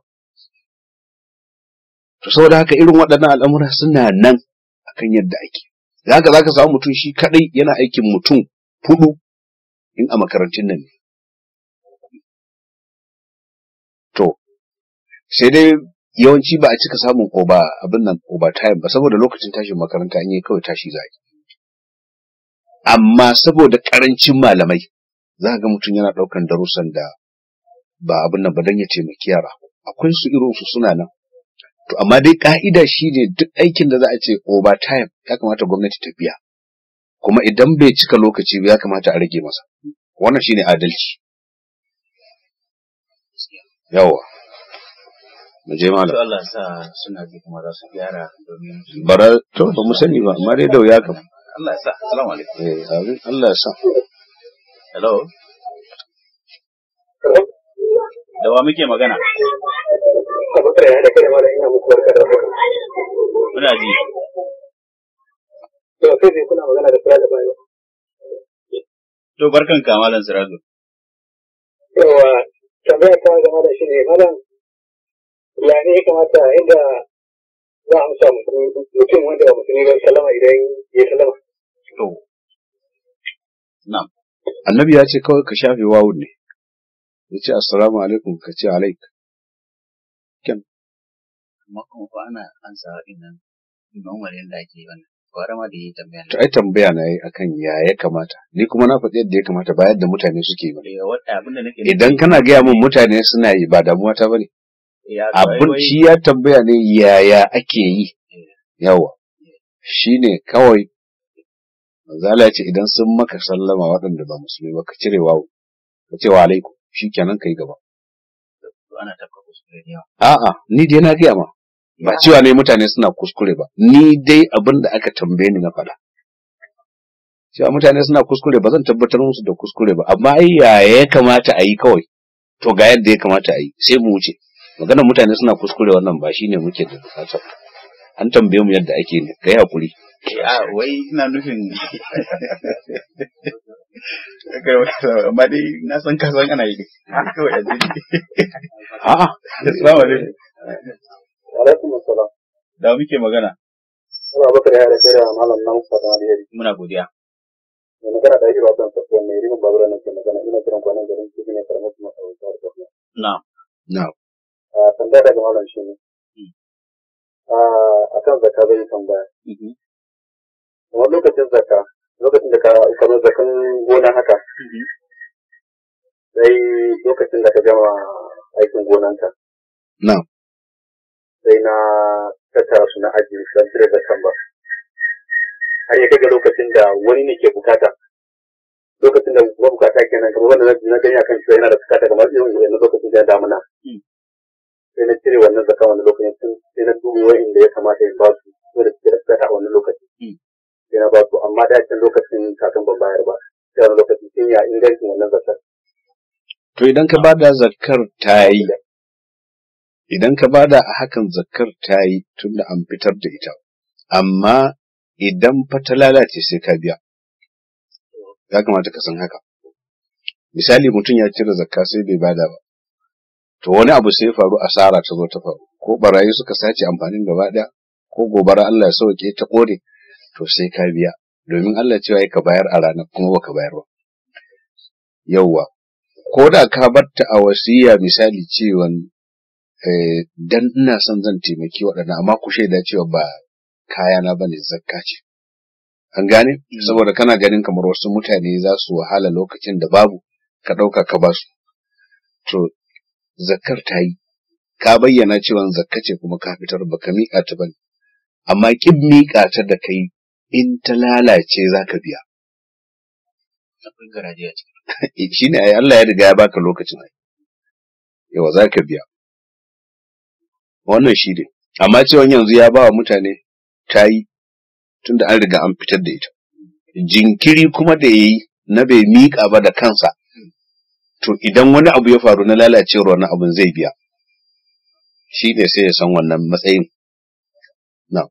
to saboda haka irin waɗannan al'amura suna nan akan yadda ake zaka zaka samu mutum shi kaɗai yana aikin mutum hudu in a makarantun nan ne to sai dai yawanci ba a cika samun ko ba abin nan ko ba time ba saboda lokacin tashin makaranta in yi kawai tashi za amma saboda karancin malamai za ga mutum yana daukan darussan da ba abin nan ba don ya taimaki yara akwai su irin su suna nan to amma dai ka'ida shine duk aikin da za a ce oba time ya kamata gwamnati ta biya kuma idan bai cika lokaci ba ya kamata a rage masa wannan shine adalci yawa mu je To Allah sa suna ji kuma za su gyara domin bara to ba mu sani ba amma dai da ya kam Allah ya sa assalamu alaikum eh Allah ya sa hello da wa muke magana muna ji to kai zai kuna magana da kula da bayo to barkan ka malam sirajo yawa tambaya ta ga malam shi ne malam ya ne ya kamata inda za a amsa mutum wanda ba mutum ba salama idan ya salama to na'am annabi ya ce kawai ka shafe wawun ne ya ce assalamu alaikum ka ce alaik kyan amma kuma ba ana an sa nan normal yadda ake wannan To ai tambaya na yi akan ya ya kamata. Ni kuma na faɗi yadda ya kamata ba yadda mutane suke ba. Eh, idan kana gaya min mutane suna yi ba damuwa ta bane. Abin shi ya tambaya ne yaya ake yi. Eh. Yawa. Eh. Shi ne kawai Zala ce idan sun maka sallama waɗanda ba musulmi ba ka cire wawo. Ka ce wa alaikum shi kenan ka yi gaba. A'a ni dai na gaya ma. ba cewa ne mutane suna kuskure ba ni dai abin da aka tambaye ni na faɗa cewa mutane suna kuskure ba zan tabbatar musu da kuskure ba amma ai ya ya kamata a yi kawai to ga yadda ya kamata a yi sai mu wuce maganar mutane suna kuskure wannan ba shine muke da bukata an tambaye mu yadda ake ne kai hakuri wai ina nufin amma dai na san ka san ana yi kawai a jini a'a salamu alaikum Alaikum assalam. Da muke magana. Suna bakar ya rake da malam nan Musa da Alheri. Muna godiya. Mai magana da yake wasan tafiya mai ribin babura na ke magana ina kiran kwanan garin Kibi ne karamar kuma a wajen Arkafiya. Na. Na. A ah, tambaya daga malam shi ne. Hmm. A ah, kan zaka zai tambaya. Wani mm-hmm. lokacin zaka lokacin da ka kamar zakan gona haka. Mm-hmm. Sai lokacin da ka gama aikin gonanka. Na. sai na tattara su na ajiye su da December har ya kaga lokacin da wani ne ke bukata lokacin da ke kenan kamar wanda na gani kan shi yana da bukata kamar irin wani lokacin da damuna sai na cire wannan zaka wani lokacin sai na dubi da ya kamata in ba su da suke da bukata a wani lokaci sai na ba su amma da yakin lokacin kakan ban bayar ba sai wani lokacin sun a ingancin wannan zakar to idan ka ba da zakar ta yi idan ka bada a hakan zakkar ta yi tun da an fitar da ita amma idan fa ta lalace sai ka biya ya kamata ka san haka misali mutum ya cire zakka sai bai bada ba to wani abu sai ya faru asara ta zo ta faru ko barayi suka sace amfanin gaba daya ko gobara Allah ya sauke ta kore to sai ka biya domin Allah cewa ka bayar a ranar kuma baka bayar ba yauwa ko da ka batta a wasiya misali cewa Eh, dan ina son zan taimaki waɗannan amma ku shaida cewa ba kayana bane zakka ce an gane mm. saboda kana ganin kamar wasu mutane za su wahala lokacin da babu ka ɗauka ka basu to zakkar ta yi ka bayyana cewa zakka ce kuma ka fitar baka miƙa ta bane amma kin miƙa ta da kai in ta lalace za ka biya shi ne Allah ya riga ya baka lokacin yawa za ka biya wannan shi ne amma cewa yanzu ya ba wa mutane ta yi tunda an riga an fitar da ita jinkiri kuma da ya yi na bai miƙa ba da kansa to idan wani abu ya faru na lalacewar wani abun zai biya shi ne sai ya san wannan matsayin na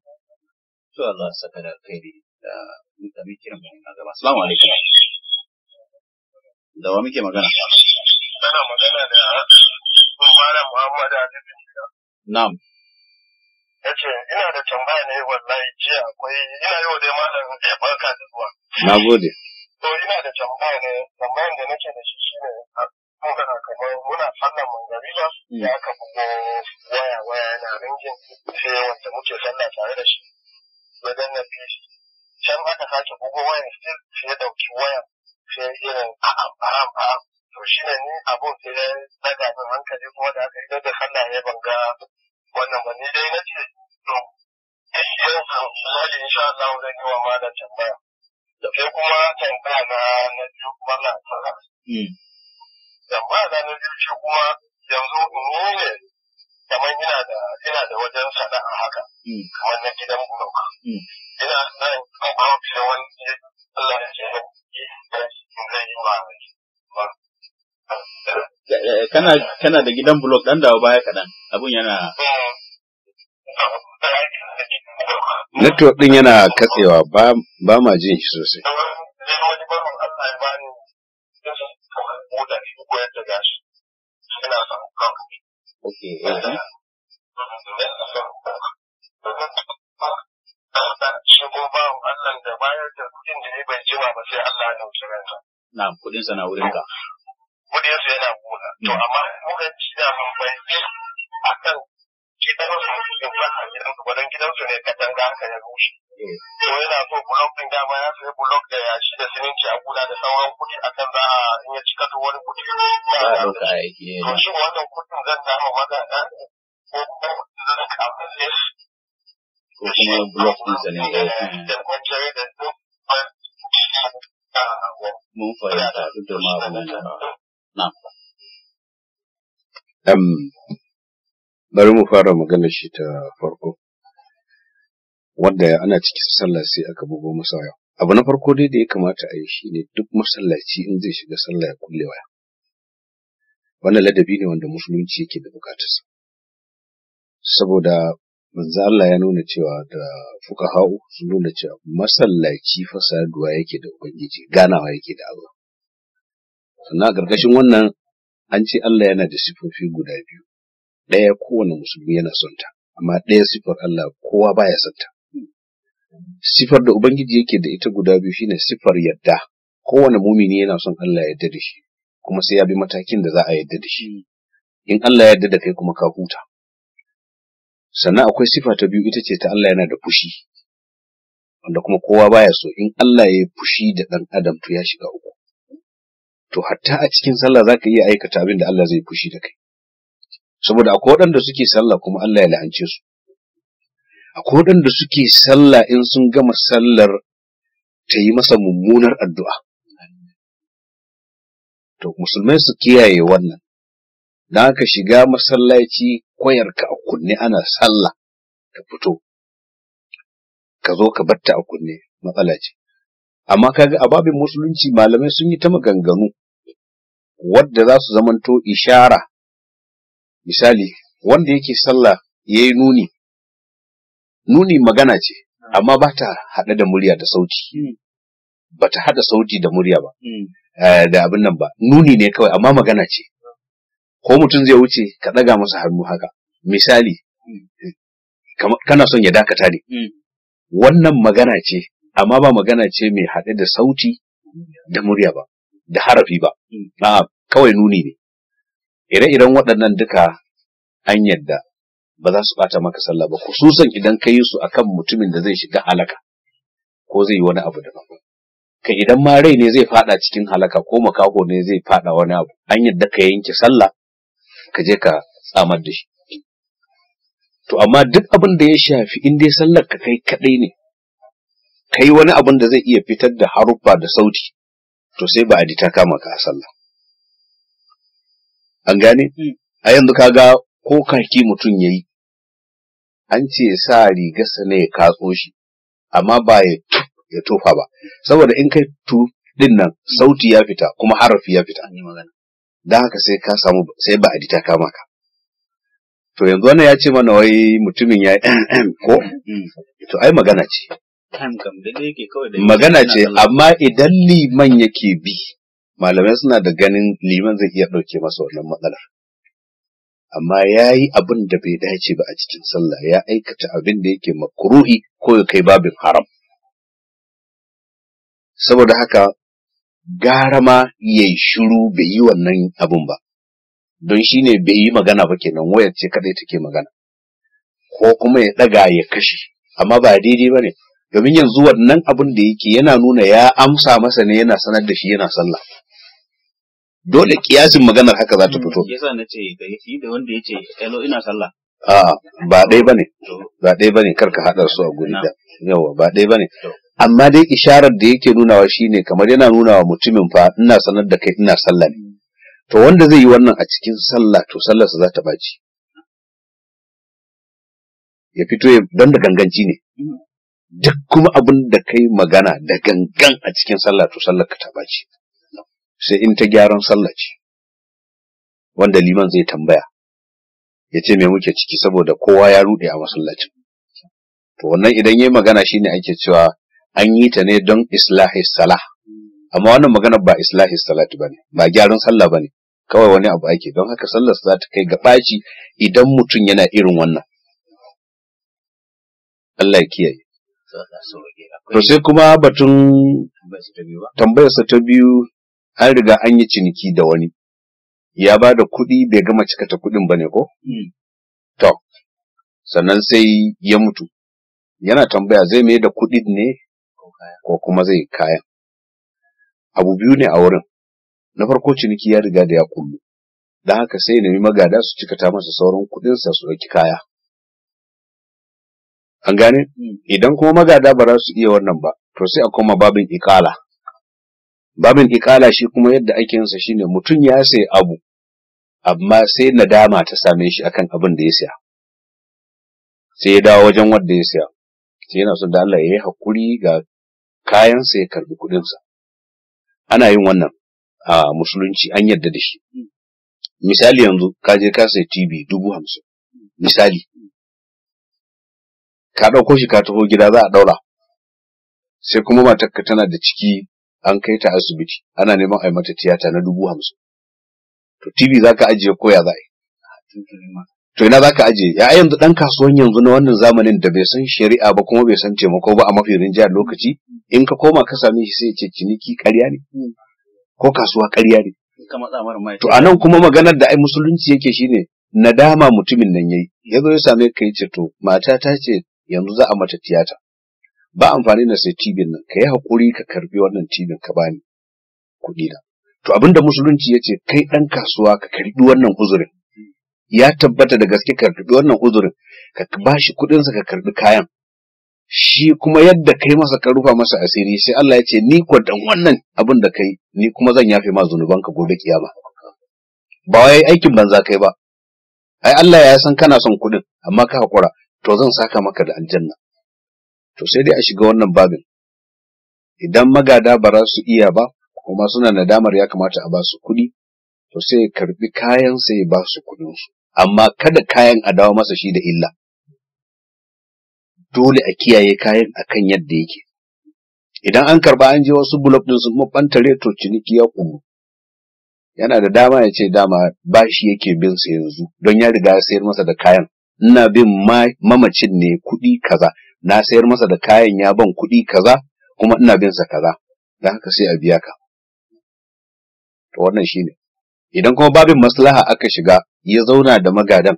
magana ana magana da Na'am. Yace ina da tambaya ne wallahi jiya akwai ina yau dai malam ya eh, barka da zuwa. Na gode. To ina da tambaya ne tambayan da nake da shi shine mun kana kamar muna sallar mangariba mm. ya aka bugo waya waya na ringin sai wanda muke sallah tare da shi. Ya danna bishi. Can aka sake bugo wayan sai ya dauki wayan sai irin a'a a'a a'a to shine ni abun alhaji insha Allah zan yi wa malam tambaya da sai kuma tambaya na na biyu kuma na tsara hmm. tambaya na na biyu ce kuma yanzu ni ne kamar ina da ina da wajen sana'a haka hmm. kamar na gidan buruka hmm. ina nan kan kawo da wani Allah ya ce yi eh, eh, kana kana da gidan blog dan dawo baya kadan abun yana network din yana katsewa ba ba ma jin shi sosai Okay, da da ya bai jima ba sai Allah Na kudin sa ka. mutum zan ta ma ko kai mutum zan ta abin ko kuma blog din sa ne eh. Eh, da da kwanciyar da duk mun fahimta duk da ma abin da na um bari mu fara magana shi ta farko wanda ana cikin sallah sai aka bugo masa waya abu na farko dai da ya kamata a yi shine duk masallaci in zai shiga sallah ya kulle waya wannan ladabi ne wanda musulunci yake da sa saboda manzo Allah ya nuna cewa da fuqaha'u sun nuna cewa masallaci fasaduwa yake da ubangiji ganawa yake da Allah sannan a ƙarƙashin wannan an ce Allah yana da sifofi guda biyu ɗaya kowane musulmi yana son ta amma ɗaya sifar Allah kowa baya son ta sifar da ubangiji yake da ita guda biyu shine sifar yadda kowane mumini yana son Allah ya yarda da shi kuma sai ya bi matakin da za a yadda da shi in Allah ya yadda da kai kuma ka huta sannan akwai sifa ta biyu ita ce ta Allah yana da fushi wanda kuma kowa baya so in Allah ya yi fushi da ɗan adam to ya shiga uku to hatta a cikin sallah za ka iya aikata abin da Allah zai fushi da kai saboda akwai waɗanda suke sallah kuma Allah ya la'ance su akwai waɗanda suke sallah in sun gama sallar ta yi masa mummunar addu'a to musulmai su kiyaye wannan don haka shiga masallaci koyarka a kunne ana sallah ka fito ka zo ka batta a kunne matsala ce amma kaga a babin musulunci malamai sun yi ta maganganu wadda za su zamanto ishara misali wanda yake sallah ya yi nuni nuni magana ce amma ba ta haɗe da murya da sauti hmm. ba ta haɗa sauti da murya ba hmm. Eh, da abin nan ba nuni ne kawai amma magana ce ko mutum zai wuce ka ɗaga masa hannu haka misali kana son ya dakata ne mm. wannan magana ce amma ba magana ce mai haɗe da sauti da murya ba da harafi ba mm. a kawai nuni ne ire-iren waɗannan duka an yadda ba za su ɓata maka sallah ba khususan idan ka yi su akan mutumin da zai shiga alaka, ko zai yi wani abu daban ka idan ma rai ne zai fada cikin halaka ko makaho ne zai fada wani abu an yadda ka yanke sallah ka je ka tsamar da shi to amma duk abin da ya shafi in dai sallar ka kai kadai ne kai wani abin da zai iya fitar da haruffa da sauti to sai ba adi ta kama ka sallah an gane hmm. a yanzu ka ga ko kaki mutum yayi an ce sa rigarsa ne ya katso shi amma ba ya ya tofa ba saboda in kai tu din nan sauti ya fita kuma harafi ya fita don haka sai ka samu sai ba ta kama ka to yanzu wannan ya ce mana wai mutumin ya ko mm. to ai magana ce magana ce amma idan liman yake bi malamai suna da ganin liman zai iya ɗauke masa wannan matsalar amma ya yi abin da bai dace ba a cikin sallah ya aikata abin da yake makuruhi ko ya kai babin haram saboda haka gara ma ya yi shiru bai yi wannan abun ba don shi ne bai yi magana ba kenan wayar ce kadai take magana ko kuma ya ɗaga ya kashe amma ba daidai ba ne domin yanzu wannan abin da yake yana nuna ya amsa masa ne yana sanar da shi yana sallah dole kiyasin maganar haka za ta hmm, fito yasa na ce ga yafi da wanda yace ina sallah a ba dai bane ba dai bane kar ka hada su a guri da yawa ba dai bane amma dai isharar da yake nunawa shine kamar yana nunawa mutumin fa ina sanar da kai ina sallah ne to wanda zai yi wannan a cikin sallah to sallarsa za ta baci ya fito don da ganganci ne duk kuma abin da kai magana da gangan a cikin sallah to sallar ta baci sai in ta gyaran sallah ce wanda liman zai tambaya ya ce me muke ciki saboda kowa ya rude a masallacin to wannan idan yayi magana shine ake cewa an yi ta ne don islahi salah amma wannan magana ba islahi salat ba ne ba gyaran sallah ba ne kawai wani abu ake don haka sallar za ta kai ga ɓaci idan mutum yana irin wannan Allah ya kiyaye to sai kuma batun tambayarsa ta biyu an riga an yi ciniki da wani ya ba da kuɗi bai gama cika ta kuɗin ba ne ko to sannan sai ya mutu yana tambaya zai mai da kuɗin ne ko kuma zai kayan abu biyu ne a wurin na farko ciniki ya riga da ya kullu don haka sai nemi magada su cikata masa sauran kuɗinsa su ɗauki kaya an gane idan kuma magada ba za su iya wannan ba to sai a koma babin ikala babin ikala shi kuma yadda ake yinsa shine mutum ya sayi abu amma sai nadama ta same shi akan abin da ya siya sai ya dawo wajen wanda ya siya sai yana son da Allah ya yi hakuri ga kayansa ya karbi kuɗinsa ana yin wannan a musulunci an yarda da shi misali yanzu ka je ka sai tv dubu hamsin misali ka ɗauko shi ka taho gida za a ɗaura sai kuma matarka tana da ciki an kai ta asibiti ana neman a mata tiyata na dubu hamsin to tv za ka ajiye koya za a yi to ina zaka aje ya yanzu dan kasuwan yanzu na wannan zamanin da bai san shari'a ba kuma bai san taimako ba a mafi rinjiya lokaci in ka koma ka same shi sai ya ce ciniki ƙarya ne ko kasuwa ƙarya ne to anan kuma maganar da ai musulunci yake shine nadama mutumin nan yayi yazo ya same ka yace to mata ta ce yanzu za a mata tiyata ba amfani da sai tibin nan ka hakuri ka karbi wannan tibin ka bani kuɗi na to abinda musulunci yace kai ɗan kasuwa ka karbi wannan uzurin ya tabbata da gaske ka karbi wannan uzurin ka ba shi kuɗin sa ka karɓi kayan shi kuma yadda kai masa ka rufa masa asiri sai Allah ya ce ni ko dan wannan abin da kai ni kuma zan yafe ma ka gobe kiyama ba wai aikin banza kai ba ai Allah ya san kana son kuɗin amma ka hakura to zan saka maka da aljanna to sai dai a shiga wannan babin idan magada ba za su iya ba kuma suna nadamar ya kamata a ba su kuɗi to sai ya karbi kayan sai ya ba su kuɗinsu. amma kada kayan a dawo masa shi da illa dole a kiyaye kayan akan yadda yake idan an karba an je wasu bulof din sun mabantare to ciniki ya kuru yana da dama ya ce dama bashi yake bin sa yanzu don ya riga ya sayar masa da kayan ina bin mamacin ne kuɗi kaza na sayar masa da kayan ya ban kuɗi kaza kuma ina bin sa kaza da haka sai a biya ka to wannan shine idan kuma babin maslaha aka shiga ya zauna da magadan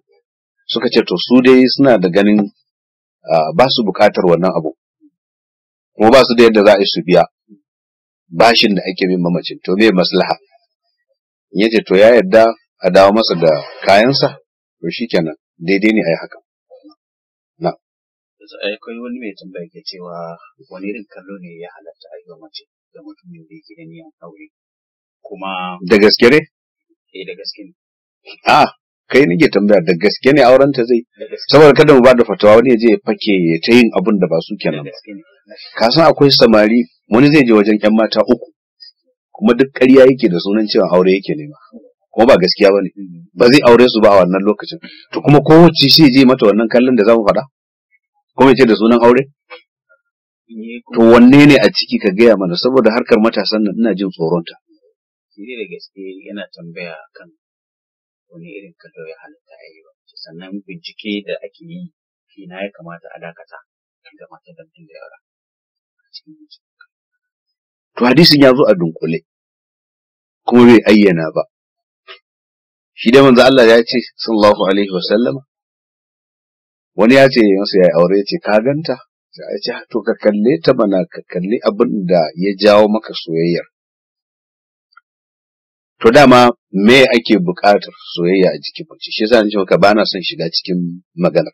suka ce to su dai suna da ganin ba su bukatar wannan abu kuma ba su da yadda za a su biya bashin da ake min mamacin to me maslaha ya ce to ya yadda a dawo masa da kayansa to shikenan daidai ne a yi haka na ne ya halatta a yi mace da mutumin da gaske ne eh da gaske ne a kai nake tambaya da gaske ne auren ta zai saboda kada mu ba da fatawa wani je fake ta yin abun da ba su kenan ba ka san akwai samari wani zai je wajen yan mata uku kuma duk ƙarya yake da sunan cewa aure yake nema kuma ba gaskiya bane mm. ba zai aure su ba a wannan lokacin to kuma kowace shi je mata wannan kallon da zamu faɗa kuma ce da sunan aure eh, to wanne ne a ciki ka gaya mana saboda harkar matasan nan ina jin tsoronta ni da gaske yana tambaya kan wani irin kallo ya halatta a yi ba sannan bincike da ake yi fina ya kamata a dakata da mata da da yara to hadisin ya zo a dunkule kuma bai ayyana ba shi da manzo Allah ya ce sallallahu alaihi wa sallam wani ya ce masa ya yi aure ya ce ka ganta sai ya ce to ka kalle ta mana ka kalle abin da ya jawo maka soyayyar to dama me ake buƙatar soyayya a jikin mace shi yasa ni maka ba na son shiga cikin magana?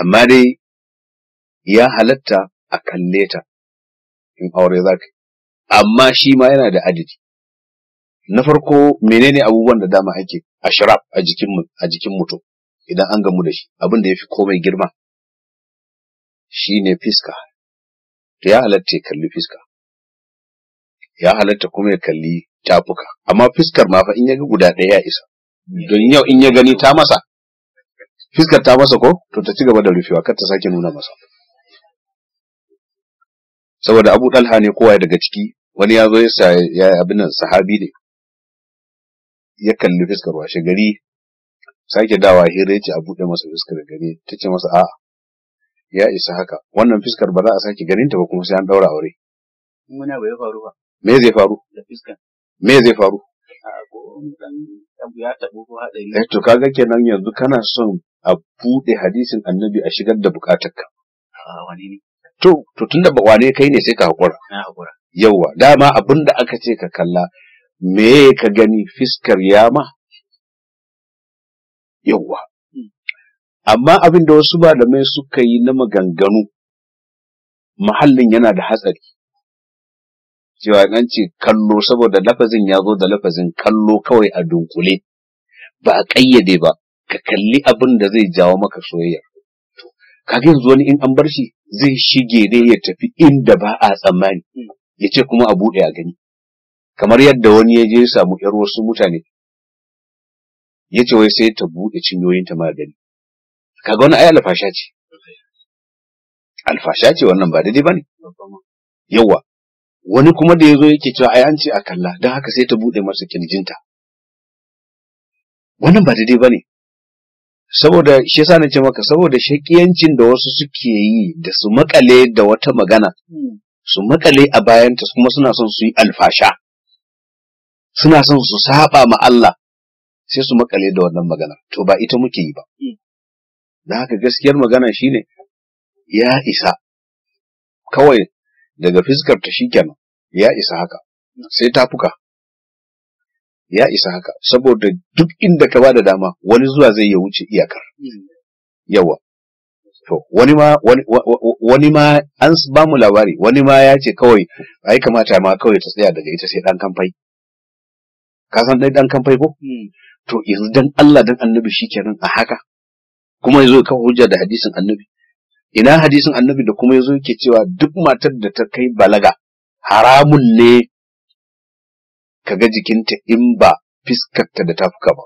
amma dai ya halatta a kalle ta in aure za ka amma shi ma yana da adadi na farko menene abubuwan da dama ake ashraf a jikin a jikin mutum idan an gamu da shi abin da fi komai girma shine fiska to ya halatta ya kalli fiska ya halatta kuma ya kalli tafuka amma fiskar ma fa in ya ga guda ɗaya ya isa don yau in ya gani ta masa fiskar ta masa ko to ta ci gaba da rufewa kar ta sake nuna masa saboda abu dalha ne kowa daga ciki wani ya zo ya abin nan sahabi ne ya kalli fiskar washe gari sake dawa hira ya ce a buɗe masa fiskar gari ta ce masa a'a ya isa haka wannan fiskar ba za a sake ganin ta ba kuma sai an ɗaura aure. Muna bai faru ba. me zai faru me zai faru eh to kaga kenan yanzu kana son a bude hadisin annabi a shigar da ka. to to tunda ba wane kai ne sai ka hakura yauwa dama abin aka ce ka kalla me ka gani fiskar yama yauwa hmm. amma abin da wasu malamai suka yi na maganganu mahallin yana da hatsari cewa an ce kallo saboda lafazin ya zo da lafazin kallo kawai a dunkule ba a ƙayyade ba ka kalli abin da zai jawo maka soyayya Ka yanzu wani in an bar shi zai shige ne ya tafi inda ba a tsammani ya ce kuma a buɗe a gani kamar yadda wani ya je ya samu ƴar wasu mutane ya ce wai sai ta buɗe cinyoyinta ma gani kaga wani ai alfasha ce alfasha ce wannan ba daidai ba ne. yawa wani kuma da ya zo yake cewa ai an ce a kalla don haka sai ta buɗe masa kirjinta wannan ba daidai ba ne saboda shi yasa na ce maka saboda shakiyancin da wasu suke yi da su makale da wata magana su makale a bayanta kuma suna son su yi alfasha suna son su saba ma Allah sai su makale da wannan magana to ba ita muke yi ba da haka gaskiyar magana shine ya isa kawai daga fiskar ta shikenan ya isa haka sai ta fuka. ya isa haka saboda duk inda ka bada dama wani zuwa zai ya wuce iyakar yawa to wani ma wani ma an ba mu labari wani ma ya ce kawai ai kamata ma kawai ta tsaya daga ita sai dan kamfai ka san dai dan kamfai ko hmm. to yanzu dan Allah dan annabi shikenan a haka kuma yazo ka hujja da hadisin annabi ina hadisin annabi da kuma yazo yake cewa duk matar da ta kai balaga haramun ne Ka ga jikinta in ba fiskarta da tafuka ba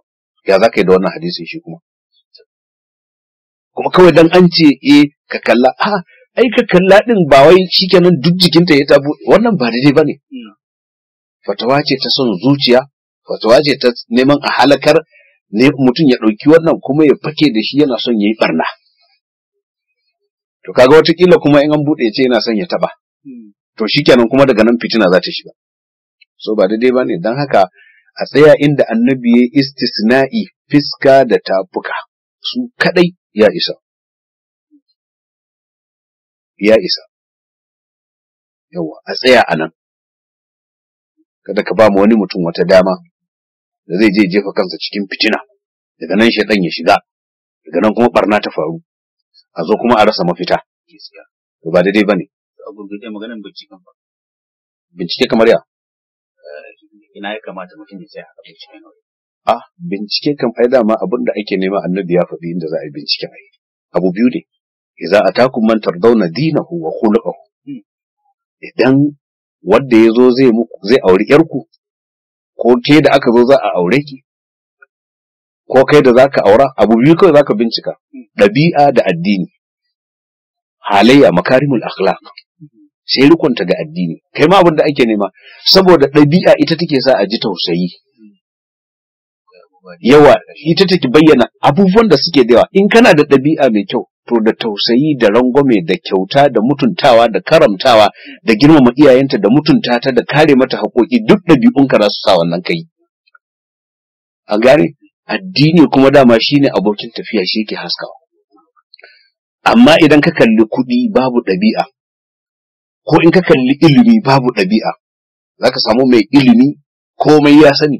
ya za ka yi da wannan hadisin shi kuma kuma kawai dan an ce eh ka kalla a ai ka kalla din ba wai shikenan duk jikinta ya tabu wannan ba daidai bane hmm. fatawa ce ta son zuciya fatawa ce ta neman a halakar ne mutum ya ɗauki wannan kuma ya fake da shi yana son ya yi barna to kaga wataƙila kuma in an buɗe ce yana son ya taɓa hmm. to shikenan kuma daga nan fitina za ta shiga so ba daidai ba ne don haka a tsaya inda annabi ya istisna'i fiska da tafuka su kadai ya isa ya isa yawa a tsaya a nan kada ka ba mu wani mutum wata dama da zai je jefa kansa cikin fitina daga nan shaidan ya shiga daga nan kuma ɓarna ta faru a zo kuma a rasa mafita to ba daidai bane bincike kamar ya eh, ina ya kamata mutum ya tsaya a binciken a bincike kan ai dama abin da ake nema annabi ya faɗi inda za a yi bincike a yi abu biyu ne Iza atakum man tardawna dinahu wa khuluquhu idan wanda ya zo zai muku zai auri yarku ko ke da aka zo za a aure ki ko kai da zaka aura abu biyu kawai zaka bincika ɗabi'a da addini halayya makarimul akhlaq sai rukunta ga addini kai ma abin da ake nema saboda ɗabi'a ita take sa a ji tausayi yawa ita take bayyana abubuwan da suke da yawa in kana da ɗabi'a mai kyau to da tausayi da rangwame da kyauta da mutuntawa da karamtawa da girmama iyayenta da mutunta ta da kare mata haƙoƙi duk ɗabi'unka za su sa wannan kai a gane addini kuma dama shine abokin tafiya shi ke haskawa amma idan ka kalli kuɗi babu ɗabi'a ko in ka kalli ilimi babu ɗabi'a za ka samu mai ilimi komai ya sani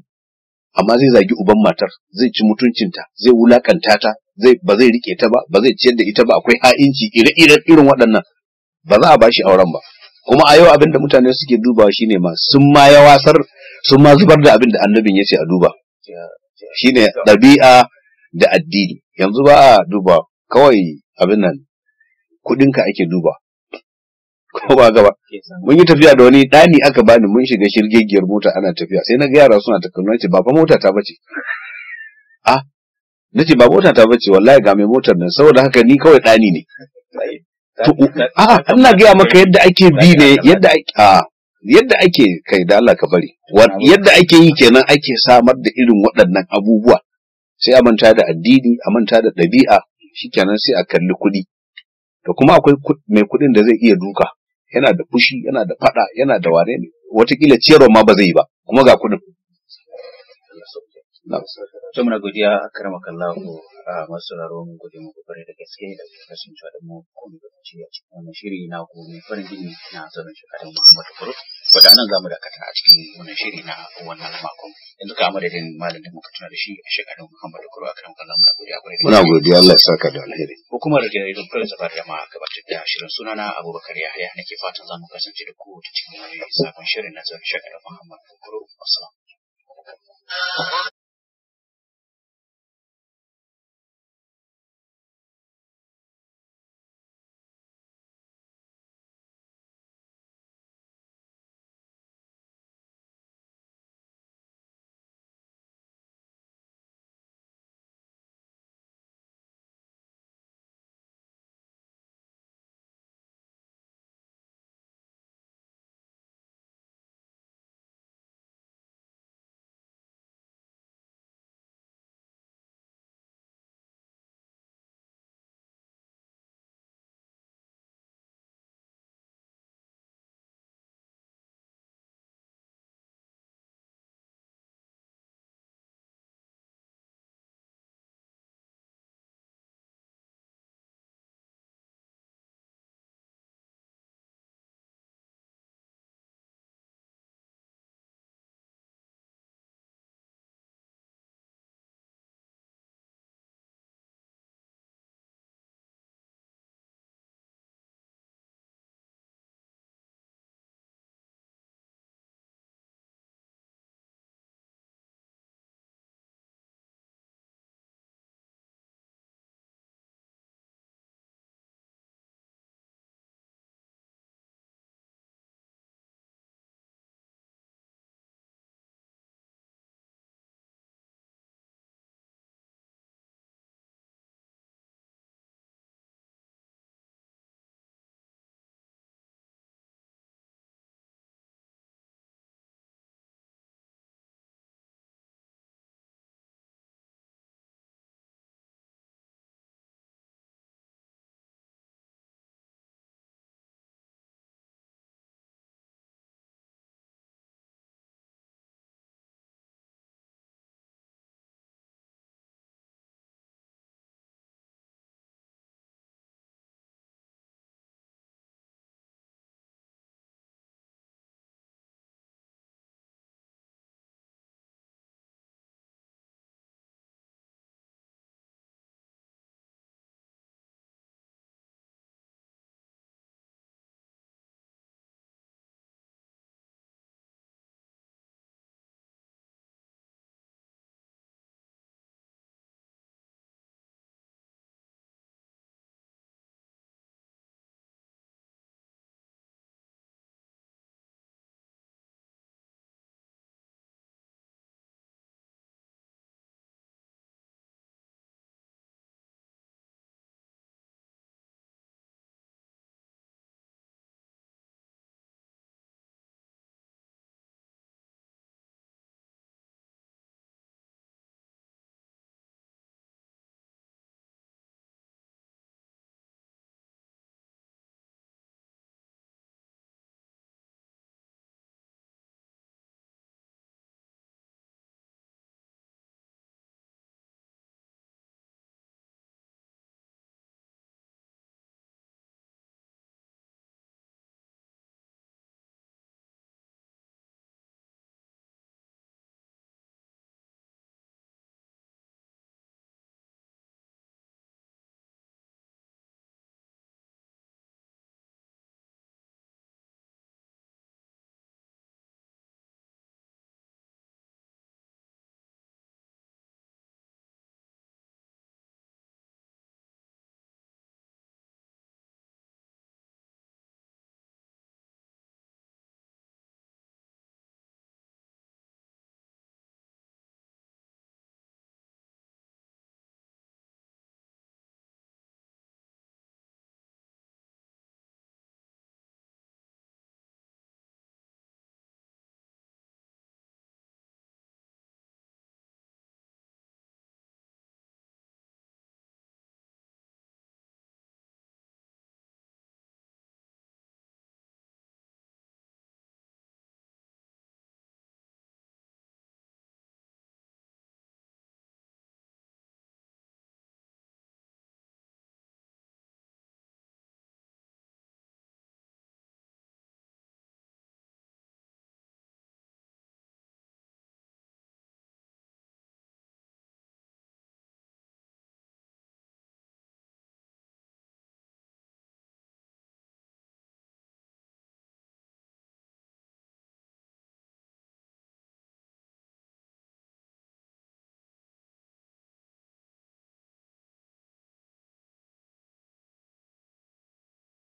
amma zai zagi uban matar zai ci mutuncinta zai wulakanta ta zai ba zai rike ta ba ba zai ciyar da ita ba akwai ha'inci ire-iren irin waɗannan ba za a bashi auren ba kuma a yau abin da mutane suke dubawa shine ma sun ma yawasar sun ma zubar da abin da annabin ya ce a duba shine ɗabi'a da addini yanzu ba a duba kawai abin nan kuɗinka ake duba ko ba gaba mun yi tafiya da wani ɗani aka bani mun shiga shirgegiyar mota ana tafiya sai na ga yara suna takalma ce ba fa mota ta bace a ah, na ce ba mota ta bace wallahi ga mai motar nan saboda haka ni kawai ɗani ne a ah, ina gaya maka yadda ake bi ne yadda a ah. yadda ake kai da Allah ka bari yadda ake yi kenan ake samar da irin waɗannan abubuwa sai a manta da addini a manta da ɗabi'a shikenan sai a kalli kuɗi da kuma akwai mai kuɗin da zai iya duka yana da fushi yana da faɗa yana da wane ne watakila ciyarwa ma ba zai yi ba kuma ga kuɗin. Tumuna godiya karamakallahu a masu raro mun gode muku kwarai da gaske da kuka kasance da mu kuma mu lokaci a cikin wannan shiri na ko mai farin jini na zanen shekarun Muhammadu Kuro wanda nan zamu dakata a cikin wannan shiri na wannan makon yanzu ka madadin malam da muka tuna da shi a shekarun Muhammadu Kuro a kan kallon muna godiya kwarai da muna godiya Allah ya saka da alheri hukumar da ya rubuta zabar da ma gabatar da shirin sunana Abubakar Yahaya nake fatan zamu kasance da ku cikin wannan sabon shirin na zanen shekarun Muhammadu Kuro assalamu